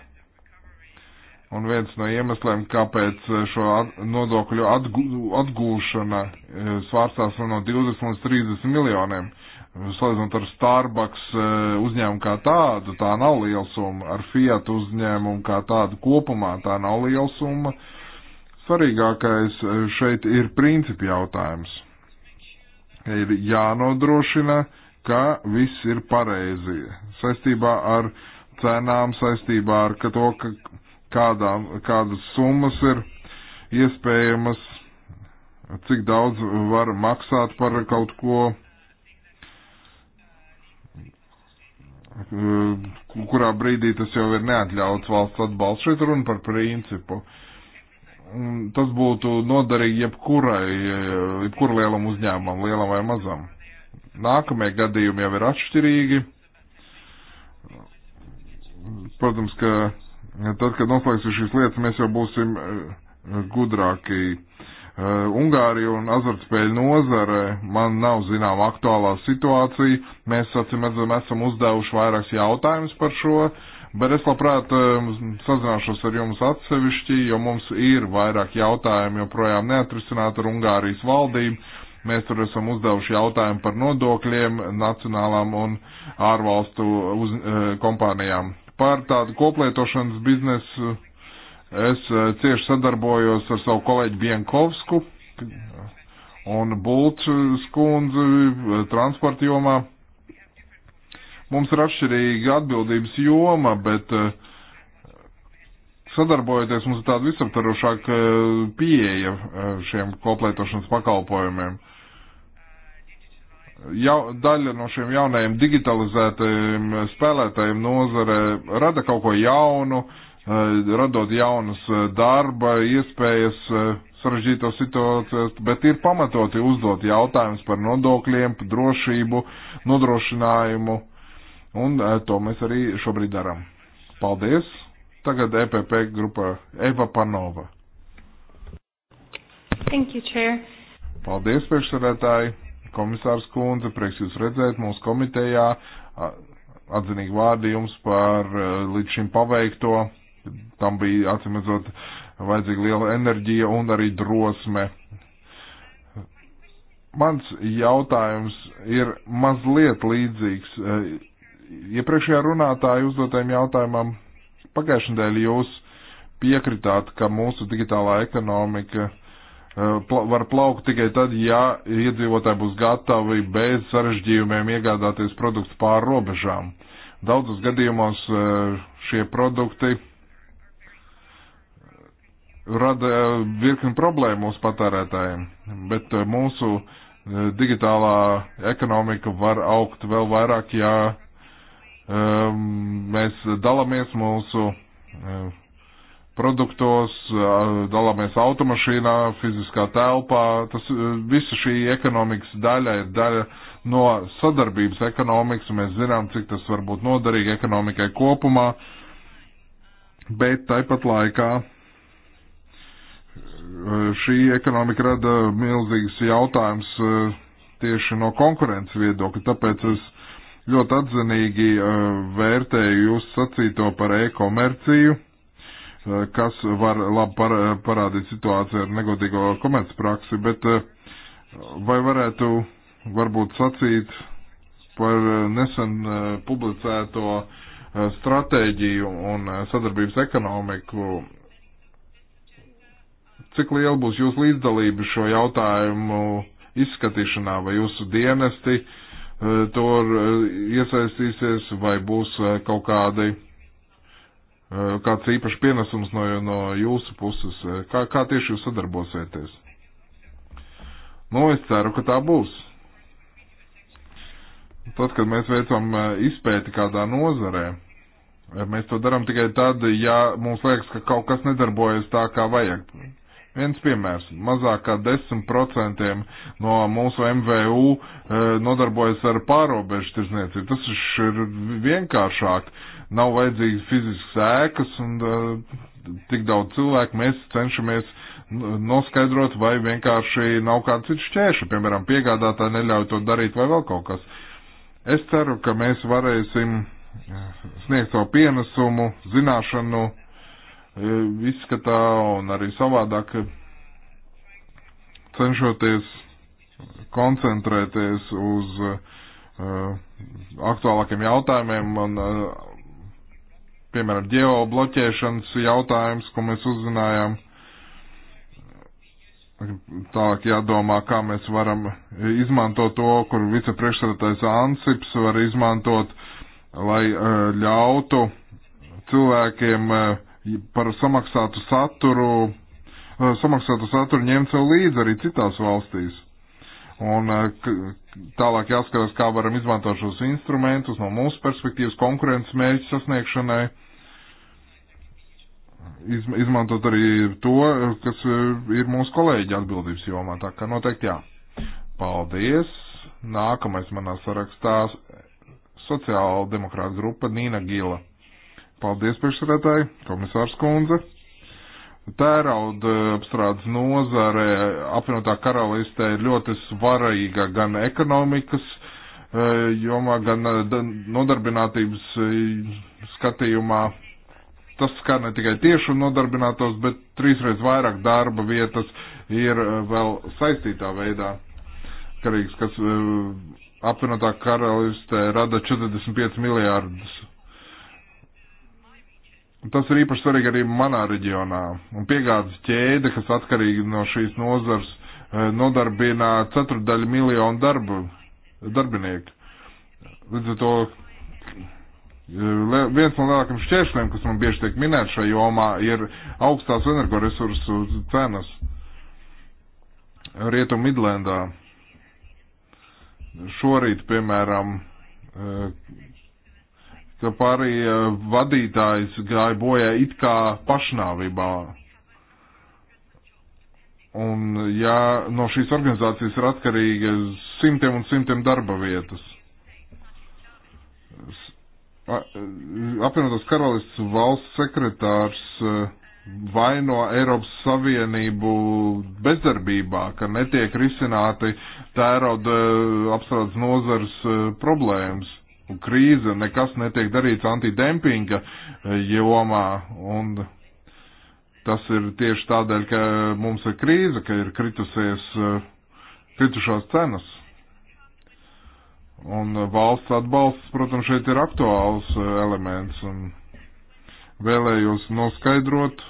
A: Un viens no iemesliem, kāpēc šo nodokļu atgū, atgūšana svārstās no 20 līdz 30 miljoniem, salīdzinot ar Starbucks uzņēmumu kā tādu, tā nav liela summa, ar Fiat uzņēmumu kā tādu kopumā tā nav liela summa. Uh, Svarīgākais eh, šeit ir principi jautājums. Ir jānodrošina, ka viss ir pareizi saistībā ar cenām, saistībā ar ka to, ka kādā, kādas summas ir iespējamas, cik daudz var maksāt par kaut ko, eh, kurā brīdī tas jau ir neatļauts valsts atbalsts. Šeit runa par principu. Uh, tas būtu noderīgi jebkurai, jebkura lielam uzņēmumam, lielam vai mazam. Nākamie gadījumi jau ir atšķirīgi. Protams, ka tad, kad noslēgsim šīs lietas, mēs jau būsim eh, gudrāki. Eh, Ungārija un azartspēļu nozare man nav zinām aktuālā situācija. Mēs, sacim, esam uzdevuši vairākus jautājumus par šo uh, Bet es labprāt sazināšos ar jums atsevišķi, jo mums ir vairāk jautājumu joprojām neatrisināt ar Ungārijas valdību. Mēs tur esam uzdevuši jautājumu par nodokļiem nacionālām un ārvalstu uz, e, kompānijām. Par tādu koplietošanas biznesu es e, cieši sadarbojos ar savu kolēģi Bienkovsku un Bulču skundzi e, transporta jomā Mums ir atšķirīga atbildības joma, bet eh, sadarbojoties mums ir tāda visaptarošāka eh, pieeja eh, šiem koplētošanas pakalpojumiem. Jau, daļa no šiem jaunajiem digitalizētajiem spēlētājiem nozare rada kaut ko jaunu, radot jaunas darba iespējas sarežģītos situācijās, bet ir pamatoti uzdot jautājumus par nodokļiem, par drošību, nodrošinājumu. Uh, Un eh, to mēs arī šobrīd darām. Paldies! Tagad EPP grupa Eva Panova.
B: Thank you, Chair.
A: Paldies, priekšsarētāji, komisārs Kunze, prieks jūs redzēt mūsu komitejā. Atzinīgi vārdi jums par eh, līdz šim paveikto. Tam bija, atcīmredzot, vajadzīga liela enerģija un arī drosme. Mans jautājums ir mazliet līdzīgs eh, Iepriekšējā runātāja uzdotajam jautājumam pagājušajā dēļ jūs piekritāt, ka mūsu digitālā ekonomika eh, var plaukt tikai tad, ja iedzīvotāji būs gatavi bez sarežģījumiem iegādāties produktu pār robežām. Daudzos gadījumos eh, šie produkti eh, rada virkni problēmu mūsu patērētājiem, bet mūsu digitālā ekonomika var augt vēl vairāk, ja Ehm, mēs dalāmies mūsu ehm, produktos, dalāmies automašīnā, fiziskā telpā. Tas e, visa šī ekonomikas daļa ir daļa no sadarbības ekonomikas, un mēs zinām, cik tas var būt noderīgi ekonomikai kopumā, bet tāpat laikā e, šī ekonomika rada milzīgas jautājums e, tieši no konkurences viedokļa, tāpēc es Ļoti atzinīgi eh, vērtēju jūs sacīto par e-komerciju, eh, kas var labi eh, parādīt situāciju ar negodīgo komercpraksi, bet vai varētu varbūt sacīt par nesen publicēto stratēģiju un sadarbības ekonomiku. Cik liela būs jūsu līdzdalība šo jautājumu izskatīšanā vai jūsu dienesti Eh, tur eh, iesaistīsies vai būs eh, kaut kādi, kāds īpašs pienesums no, no jūsu puses? Kā, kā tieši jūs sadarbosieties? Nu, es ceru, ka tā būs. Tad, kad mēs veicam izpēti kādā nozarē, mēs to darām tikai tad, ja mums liekas, ka kaut kas nedarbojas tā, kā vajag. Viens piemērs. Mazāk kā 10% no mūsu MVU eh, nodarbojas ar pārobežu tirzniecību. Tas ir vienkāršāk. Nav vajadzīgas fiziskas ēkas un eh, tik daudz cilvēku. Mēs cenšamies noskaidrot, vai vienkārši nav kāds cits šķēršļi. Piemēram, piegādātāji neļauj to darīt vai vēl kaut kas. Es ceru, ka mēs varēsim eh, sniegt savu pienesumu, zināšanu E, izskatā un arī savādāk cenšoties koncentrēties uz e, aktuālākiem jautājumiem un, e, piemēram, ģeobloķēšanas jautājums, ko mēs uzzinājām. Tālāk jādomā, kā mēs varam izmantot to, kur vicepriekšsēdētājs Ansips var izmantot, lai ļautu cilvēkiem uh, par samaksātu saturu, eh, samaksātu saturu ņemt sev līdzi arī citās valstīs. Un eh, tālāk jāskatās, kā varam izmantot šos instrumentus no mūsu perspektīvas konkurences mērķu sasniegšanai. Izmantot arī to, kas eh, ir mūsu kolēģi atbildības jomā. Tā kā noteikti jā. Paldies. Nākamais manā sarakstā sociāla demokrāta grupa Nīna Gila. Paldies, priekšsēdētāji, komisārs Kundze. Tērauda eh, apstrādes nozare apvienotā karalistē ir ļoti svarīga gan ekonomikas eh, jomā, gan eh, nodarbinātības skatījumā. Tas skar ne tikai tieši nodarbinātos, bet trīsreiz vairāk darba vietas ir vēl saistītā veidā karīgs, kas apvienotā karalistē rada 45 miljārdus Tas ir īpaši svarīgi arī manā reģionā. Un piegādes ķēde, kas atkarīgi no šīs nozars, e, nodarbina ceturdaļu miljonu darbu, darbinieku. Līdz ar to e, viens no lielākiem šķēršļiem, kas man bieži tiek minēts šajā jomā, ir augstās energoresursu cenas Rietu Midlendā. Šorīt, piemēram, e, ka pārējie eh, vadītājs gāja bojā it kā pašnāvībā. Un ja no šīs organizācijas ir atkarīga simtiem un simtiem darba vietas. Apvienotās karalists valsts sekretārs eh, vaino Eiropas Savienību bezdarbībā, ka netiek risināti tērauda eh, apstrādes nozars problēmas un krīze, nekas netiek darīts antidempinga e, jomā, un tas ir tieši tādēļ, ka mums ir krīze, ka ir kritusies, e, kritušās cenas. Un valsts atbalsts, protams, šeit ir aktuāls e, elements, un vēlējos noskaidrot,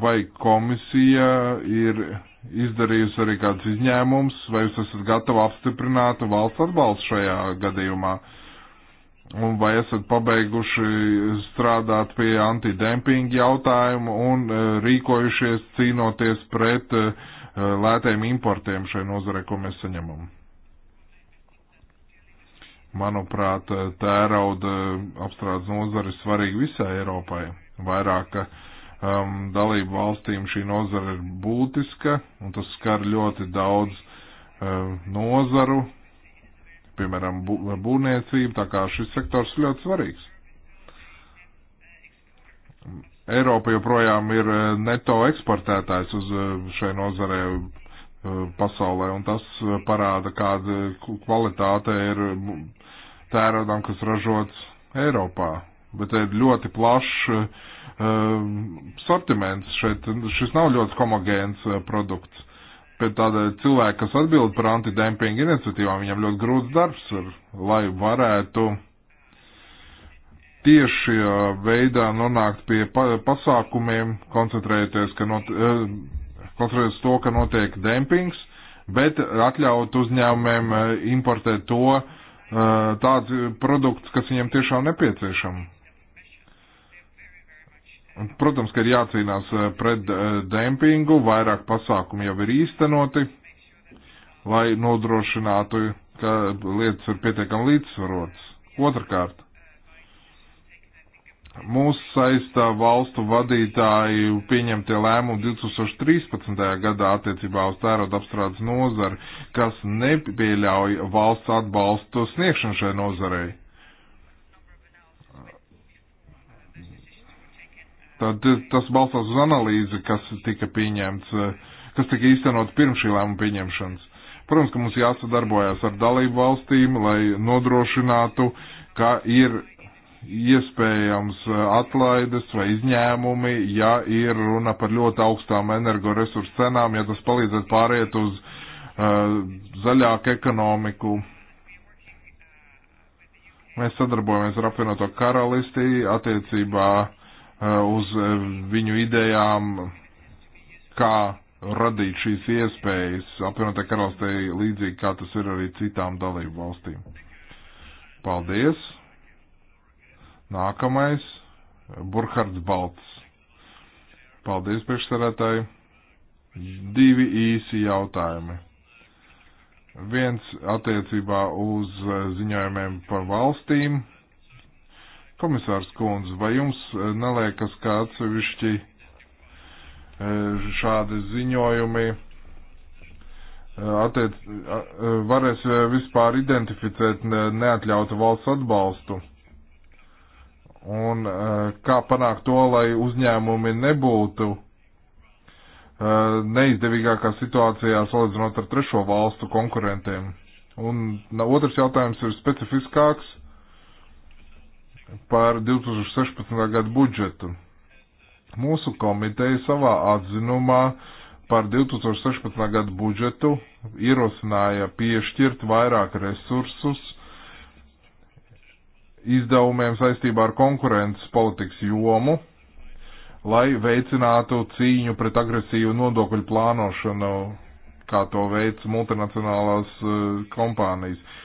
A: vai komisija ir izdarījusi arī kāds izņēmums, vai jūs esat gatavi apstiprināt valsts atbalstu šajā gadījumā, un vai esat pabeiguši strādāt pie antidempinga jautājumu un e, rīkojušies cīnoties pret e, lētiem importiem šai nozare, ko mēs saņemam. Manuprāt, e, tērauda apstrādes nozare ir svarīga visai Eiropai. Vairāk, uh, um, dalību valstīm šī nozara ir būtiska, un tas skar ļoti daudz um, nozaru, piemēram, bū, būvniecību, tā kā šis sektors ir ļoti svarīgs. Eiropa joprojām ir uh, neto eksportētājs uz uh, šai nozarē uh, pasaulē, un tas parāda, kāda kvalitāte ir tērādām, kas ražots Eiropā. Bet ir ļoti plašs Ehm, sortiments šeit, šis nav ļoti homogēns eh, produkts. Bet tādēļ cilvēki, kas atbild par antidempinga iniciatīvām, viņam ļoti grūts darbs ir, lai varētu tieši eh, veidā nonākt pie pasākumiem, koncentrēties, ka not, eh, koncentrēties to, ka notiek dempings, bet atļaut uzņēmumiem importēt to, tāds produkts, kas viņiem tiešām nepieciešams. Protams, ka ir jācīnās eh, pret eh, dempingu, vairāk pasākumu jau ir īstenoti, lai nodrošinātu, ka lietas ir pietiekami līdzsvarotas. Otrakārt, mūs saistā valstu vadītāju pieņemtie lēmumi 2013. gadā attiecībā uz tērauda apstrādes nozari, kas nepieļauj valsts atbalstu sniegšanu šai nozarei. Tad tas balstās uz analīzi, kas tika pieņemts, kas tika īstenots pirms šī lēmuma pieņemšanas. Protams, ka mums jāsadarbojas ar dalību valstīm, lai nodrošinātu, ka ir iespējams atlaides vai izņēmumi, ja ir runa par ļoti augstām energoresursu cenām, ja tas palīdzētu pāriet uz uh, zaļāku ekonomiku. Mēs sadarbojamies ar apvienoto karalisti attiecībā uh, Eh, uz eh, viņu idejām, kā radīt šīs iespējas apvienotā karalistē līdzīgi, kā tas ir arī citām dalību valstīm. Paldies! Nākamais - Burkhards Balts. Paldies, priekšsarētāji! Divi īsi jautājumi. Viens attiecībā uz eh, ziņojumiem par valstīm Komisārs Kunz, vai jums eh, neliekas, ka atsevišķi eh, šādi ziņojumi eh, attiec, varēs vispār identificēt neatļautu valsts atbalstu? Un kā panākt to, lai uzņēmumi nebūtu neizdevīgākā situācijā salīdzinot ar trešo valstu konkurentiem? Un otrs jautājums ir specifiskāks par 2016. gadu budžetu. Mūsu komiteja savā atzinumā par 2016. gadu budžetu ierosināja piešķirt vairāk resursus izdevumiem saistībā ar konkurences politikas jomu, lai veicinātu cīņu pret agresīvu nodokļu plānošanu, kā to veic multinacionālās uh, kompānijas. Uh,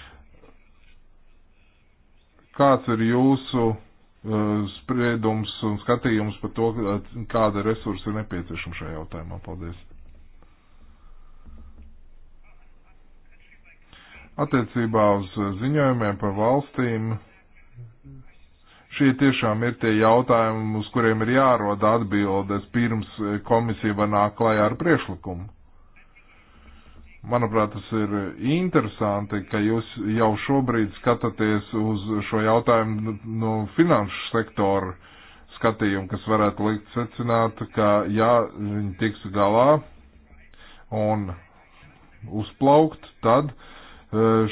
A: Kāds ir jūsu uh, spriedums un skatījums par to, kāda resursa ir nepieciešama šajā jautājumā? Paldies! Attiecībā uz ziņojumiem par valstīm šie tiešām ir tie jautājumi, uz kuriem ir jārod atbildes pirms eh, komisija var nāk klajā ar priešlikumu. Manuprāt, tas ir interesanti, ka jūs jau šobrīd skatāties uz šo jautājumu nu, no finanšu sektora skatījuma, kas varētu likt secināt, ka ja viņi tiks galā un uzplaukt, tad e,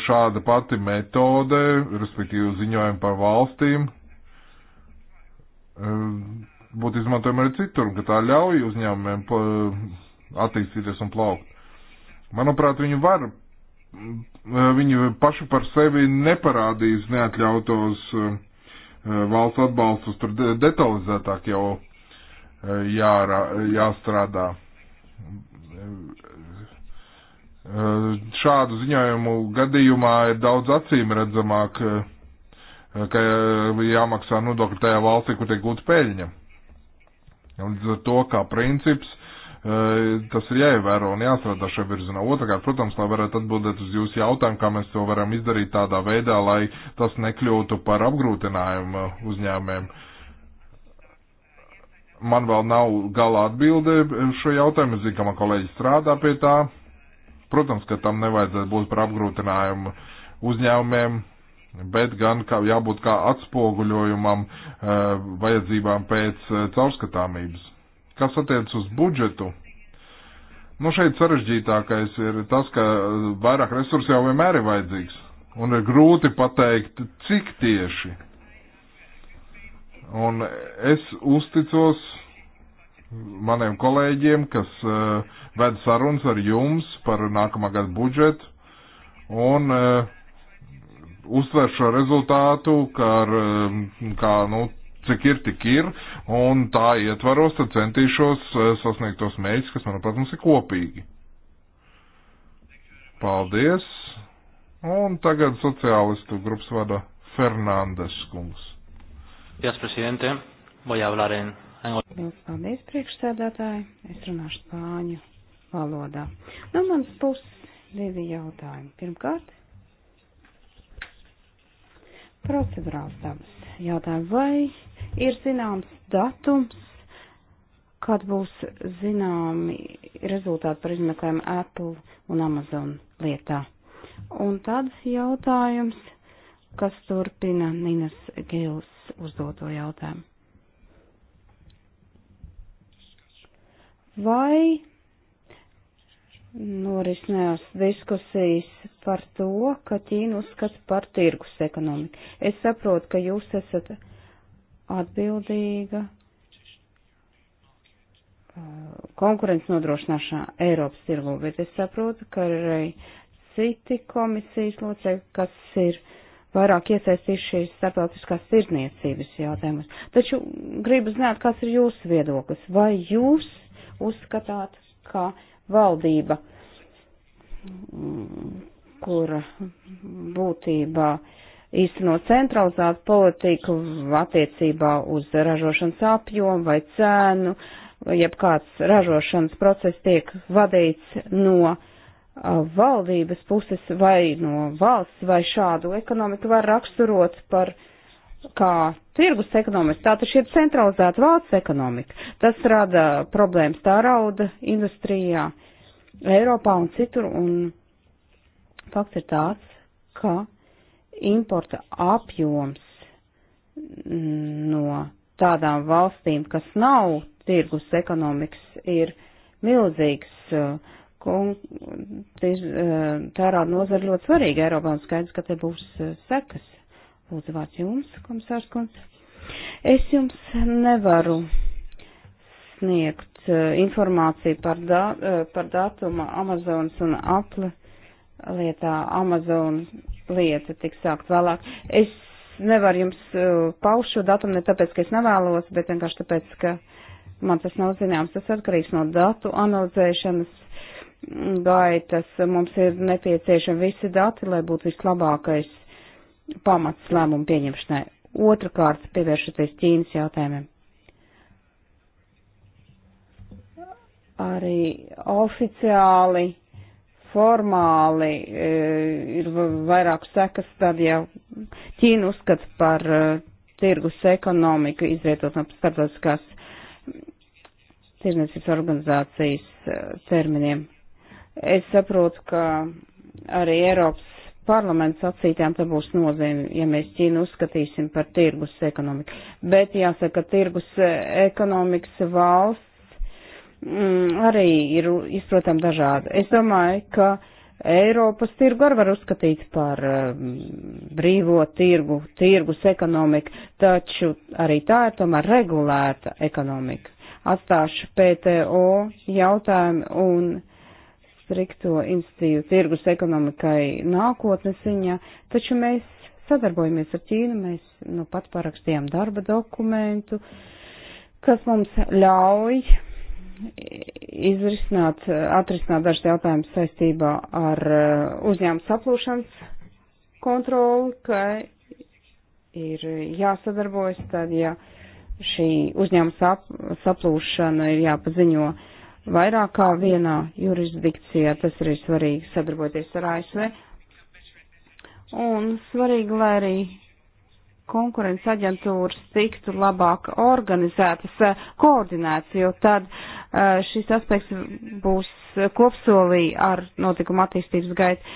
A: šāda pati metode, respektīvi ziņojumi par valstīm, e, būtu izmantojama arī citur, un ka tā ļauj uzņēmumiem e, attīstīties un plaukt. Manuprāt, viņi var, mm, viņi paši par sevi neparādīs neatļautos eh, valsts atbalstus, tur detalizētāk jau eh, jārā, jāstrādā. Eh, šādu ziņojumu gadījumā ir daudz acīm redzamāk, ka jāmaksā nodokļi tajā valstī, kur tiek gūta peļņa. Līdz ar to, kā princips, Eh, tas ir jāievēro un jāstrādā šajā virzienā. Otrakārt, protams, lai varētu atbildēt uz jūsu jautājumu, kā mēs to varam izdarīt tādā veidā, lai tas nekļūtu par apgrūtinājumu uzņēmēm. Man vēl nav gala atbilde šo jautājumu, es zinu, ka man kolēģi strādā pie tā. Protams, ka tam nevajadzētu būt par apgrūtinājumu uzņēmumiem, bet gan kā jābūt kā atspoguļojumam eh, vajadzībām pēc eh, caurskatāmības. Kas attiec uz budžetu? Nu, šeit sarežģītākais ir tas, ka eh, vairāk resursu jau vienmēr ir vajadzīgs. Un ir grūti pateikt, cik tieši. Un es uzticos maniem kolēģiem, kas uh, ved sarunas ar jums par nākamā gada budžetu. Un uh, uztver šo rezultātu, ka ar, kā, nu, cik ir, tik ir, un tā ietvaros tad centīšos eh, sasniegt tos mērķus, kas, manuprāt, mums ir kopīgi. Paldies! Un tagad sociālistu grupas vada Fernandes kungs. Paldies, prezidente. Voy a hablar en...
B: Liels paldies, priekšsēdētāji. Es runāšu spāņu valodā. No nu, manas puses divi jautājumi. Pirmkārt, Procedurāls tāds jautājums. Vai ir zināms datums, kad būs zināmi rezultāti par izmeklējumu Apple un Amazon lietā? Un tad jautājums, kas turpina Ninas Gils uzdoto jautājumu. Vai norisinājās diskusijas par to, ka Ķīna uzskata par tirgus ekonomiku. Es saprotu, ka jūs esat atbildīga uh, konkurences nodrošināšanā Eiropas tirgu, bet es saprotu, ka ir arī citi komisijas locekļi, kas ir vairāk iesaistījušies starptautiskās tirzniecības jautājumus. Taču gribu zināt, kas ir jūsu viedoklis. Vai jūs uzskatāt, ka valdība, kura būtībā īsteno centralizētu politiku attiecībā uz ražošanas apjomu vai cēnu, jeb kāds ražošanas process tiek vadīts no valdības puses vai no valsts, vai šādu ekonomiku var raksturot par uh, kā tirgus ekonomika, tātad šī ir centralizēta valsts ekonomika. Tas rada problēmas tā rauda industrijā, Eiropā un citur, un fakts ir tāds, ka importa apjoms no tādām valstīm, kas nav tirgus ekonomikas, ir milzīgs. Tā rāda nozara ļoti svarīga Eiropā un skaidrs, ka te būs sekas Lūdzu, vārds jums, komisārs Kunds. Es jums nevaru sniegt uh, informāciju par, da, uh, par datumu Amazonas un Apple lietā. Amazon lieta tiks sākt vēlāk. Es nevaru jums uh, paust šo datumu ne tāpēc, ka es nevēlos, bet vienkārši tāpēc, ka man tas nav zināms. Tas atkarīgs no datu analizēšanas gaitas. Mums ir nepieciešami visi dati, lai būtu vislabākais pamats lēmumu pieņemšanai. Otrakārt, pievēršoties Ķīnas jautājumiem. Arī oficiāli, formāli e, ir vairāk sekas, tad jau Ķīna uzskata par e, tirgus ekonomiku, izvietot no starptautiskās tirdzniecības organizācijas e, terminiem. Es saprotu, ka arī Eiropas parlaments sacītām te būs nozīme, ja mēs Ķīnu uzskatīsim par tirgus ekonomiku. Bet jāsaka, tirgus e, ekonomikas valsts mm, arī ir izprotam dažāda. Es domāju, ka Eiropas tirgu arī var uzskatīt par mm, brīvo tirgu, tirgus ekonomiku, taču arī tā ir tomēr regulēta ekonomika. Atstāšu PTO jautājumu un strikto institīvu tirgus ekonomikai nākotnes ziņā, taču mēs sadarbojamies ar Ķīnu, mēs nu pat parakstījām darba dokumentu, kas mums ļauj izrisināt, atrisināt dažus jautājumus saistībā ar uh, uzņēmumu saplūšanas kontroli, ka ir jāsadarbojas tad, ja šī uzņēmuma sap, saplūšana ir jāpaziņo uh, vairāk kā vienā jurisdikcijā. Tas arī svarīgi sadarboties ar ASV. Un svarīgi, lai arī konkurences aģentūras tiktu labāk organizētas, koordinētas, jo tad šis aspekts būs kopsolī ar notikuma attīstības gaitu.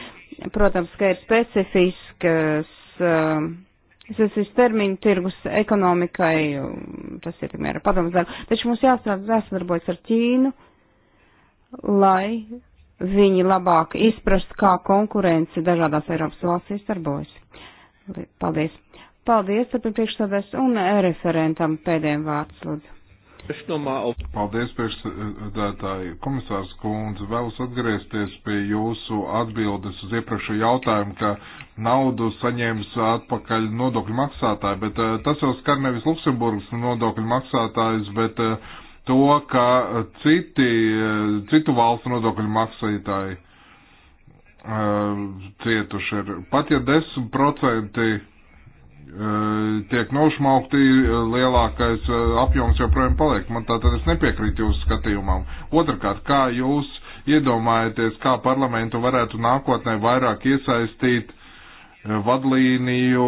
B: Protams, ka ir specifiskas, specifisks termiņu tirgus ekonomikai, tas ir, piemēram, padomus darbu, taču mums jāstrādā, jāsadarbojas ar Ķīnu lai viņi labāk izprast, kā konkurence dažādās Eiropas valstīs darbojas. Paldies. Paldies, tad priekšsādēs un e, referentam pēdējiem vārds, lūdzu.
A: Paldies, priekšsēdētāji. Komisārs Kūns, vēlas atgriezties pie jūsu atbildes uz iepriekšējo jautājumu, ka naudu saņēmis atpakaļ nodokļu maksātāji, bet e, tas jau skar nevis Luksemburgas nodokļu maksātājus, bet uh, to, ka citi, citu valstu nodokļu maksātāji eh, cietuši ir. Pat ja 10% eh, tiek nošmaukti, lielākais eh, apjoms joprojām paliek. Man tā tad es nepiekrītu jūsu skatījumam. Otrakārt, kā jūs iedomājaties, kā parlamentu varētu nākotnē vairāk iesaistīt vadlīniju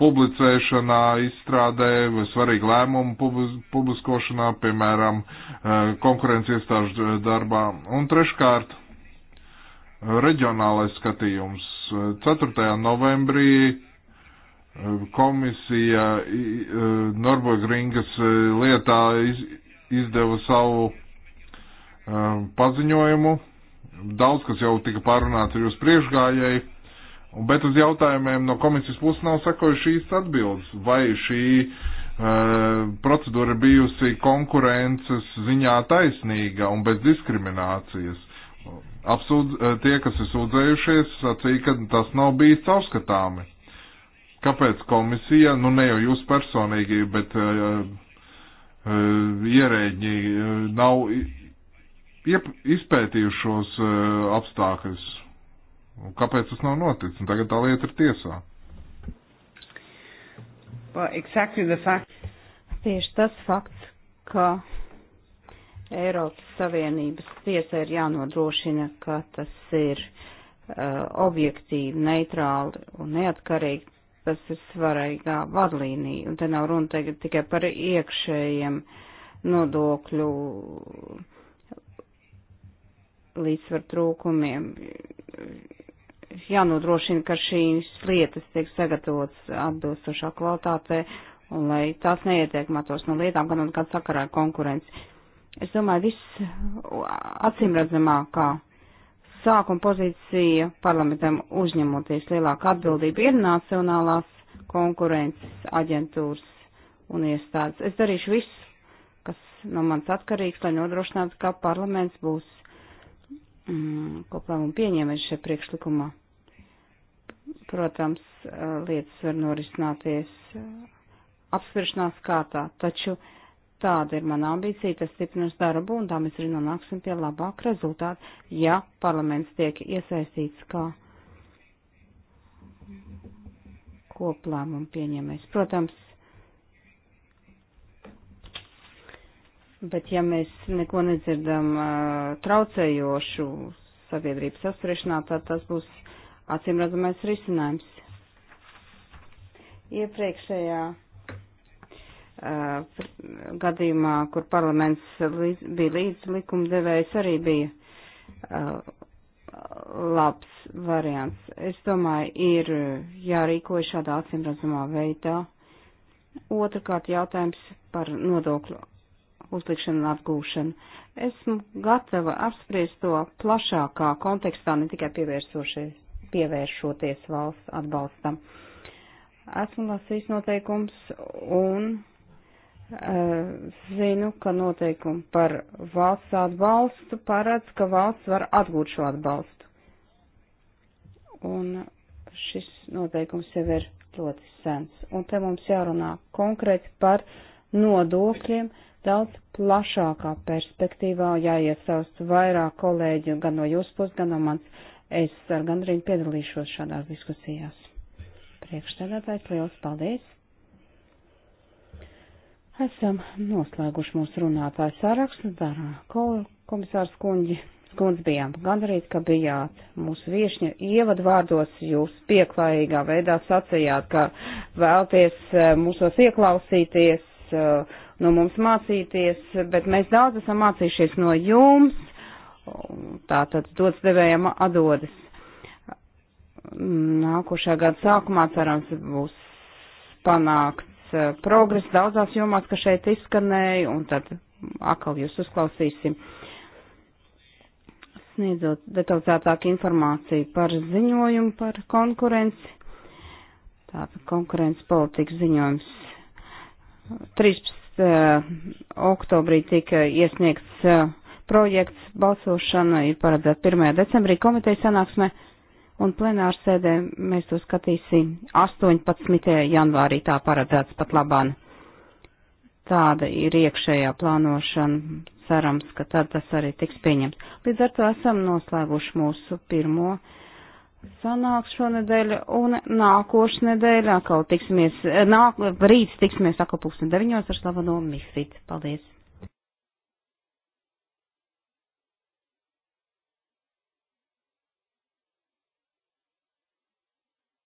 A: publicēšanā, izstrādē, svarīgu lēmumu publiskošanā, piemēram, eh, konkurences iestāžu darbā. Un treškārt, reģionālais skatījums. 4. novembrī eh, komisija eh, Norbergringas lietā izdeva savu paziņojumu. Daudz, kas jau tika pārunāts ar jūs priekšgājēju Bet uz jautājumiem no komisijas puses nav sakojuši īsts atbildes, vai šī uh, procedūra bijusi konkurences ziņā taisnīga un bez diskriminācijas. Apsūdz, uh, tie, kas ir sūdzējušies, sacīja, ka tas nav bijis caurskatāmi. Kāpēc komisija, nu ne jau jūs personīgi, bet uh, uh, ierēģi uh, nav iep, izpētījušos uh, apstākļus? Un kāpēc tas nav noticis? Un tagad tā lieta ir tiesā.
B: Well, exactly Tieši tas fakts, ka Eiropas Savienības tiesa ir jānodrošina, ka tas ir uh, objektīvi, neitrāli un neatkarīgi. Tas ir svarīgā vadlīnija. Un te nav runa tagad tikai par iekšējiem nodokļu līdzsvar trūkumiem jānodrošina, ka šīs lietas tiek sagatavotas atbilstošā kvalitātē un lai tās neietiekmatos no lietām, kad un kad sakarā konkurence. Es domāju, viss acīmredzamākā sākuma pozīcija parlamentam uzņemoties lielāku atbildību ir nacionālās konkurences aģentūras un iestādes. Es darīšu visu, kas no manis atkarīgs, lai nodrošinātu, ka parlaments būs mm, koplēmumu pieņēmējs šajā priekšlikumā protams, eh, lietas var norisināties eh, apspriešanās kārtā, taču tāda ir mana ambīcija, tas stiprinās darbu, un tā mēs arī nonāksim pie labāka rezultāta, ja parlaments tiek iesaistīts kā koplēmumu pieņemējs. Protams, bet ja mēs neko nedzirdam eh, traucējošu sabiedrības apspriešanā, tad tas būs acīmredzamais risinājums. Iepriekšējā uh, gadījumā, kur parlaments līdz, bija līdz likumdevējs, arī bija uh, labs variants. Es domāju, ir jārīkojas šādā acīmredzamā veidā. Otrakārt jautājums par nodokļu uzlikšanu un atgūšanu. Esmu gatava apspriest to plašākā kontekstā, ne tikai pievērsošies pievēršoties valsts atbalstam. Esmu lasījis noteikums un uh, zinu, ka noteikumi par valsts atbalstu paredz, ka valsts var atgūt šo atbalstu. Un šis noteikums jau ir ļoti sens. Un te mums jārunā konkrēti par nodokļiem daudz plašākā perspektīvā, jāiesaust vairāk kolēģi gan no jūsu puses, gan no mans Es ar gandrīz piedalīšos šādās diskusijās. Priekšstādātājs, liels paldies! Esam noslēguši mūsu runātāju sārakstu, darā komisārs kuņģi. Skundz bijām gandrīz, ka bijāt mūsu viešņa ievadvārdos, jūs pieklājīgā veidā sacījāt, ka vēlties e, mūsos ieklausīties, e, no mums mācīties, bet mēs daudz esam mācījušies no jums tā tad dots devējam atdodas. Nākošā gada sākumā cerams būs panākts eh, progress daudzās jomās, kas šeit izskanēja, un tad atkal jūs uzklausīsim. Sniedzot detalizētāku informāciju par ziņojumu par konkurenci, tātad konkurences politikas ziņojums 13. Eh, oktobrī tika iesniegts eh, projekts balsošana ir paredzēta 1. decembrī komitejas sanāksmē, un plenāru sēdē mēs to skatīsim 18. janvārī, tā paredzēts pat labāk. Tāda ir iekšējā plānošana, cerams, ka tad tas arī tiks pieņemts. Līdz ar to esam noslēguši mūsu pirmo sanāks šonedēļ un nākošu nedēļu atkal tiksimies, nāk, rīt tiksimies atkal pusne deviņos ar slaveno Mifid.
C: Paldies!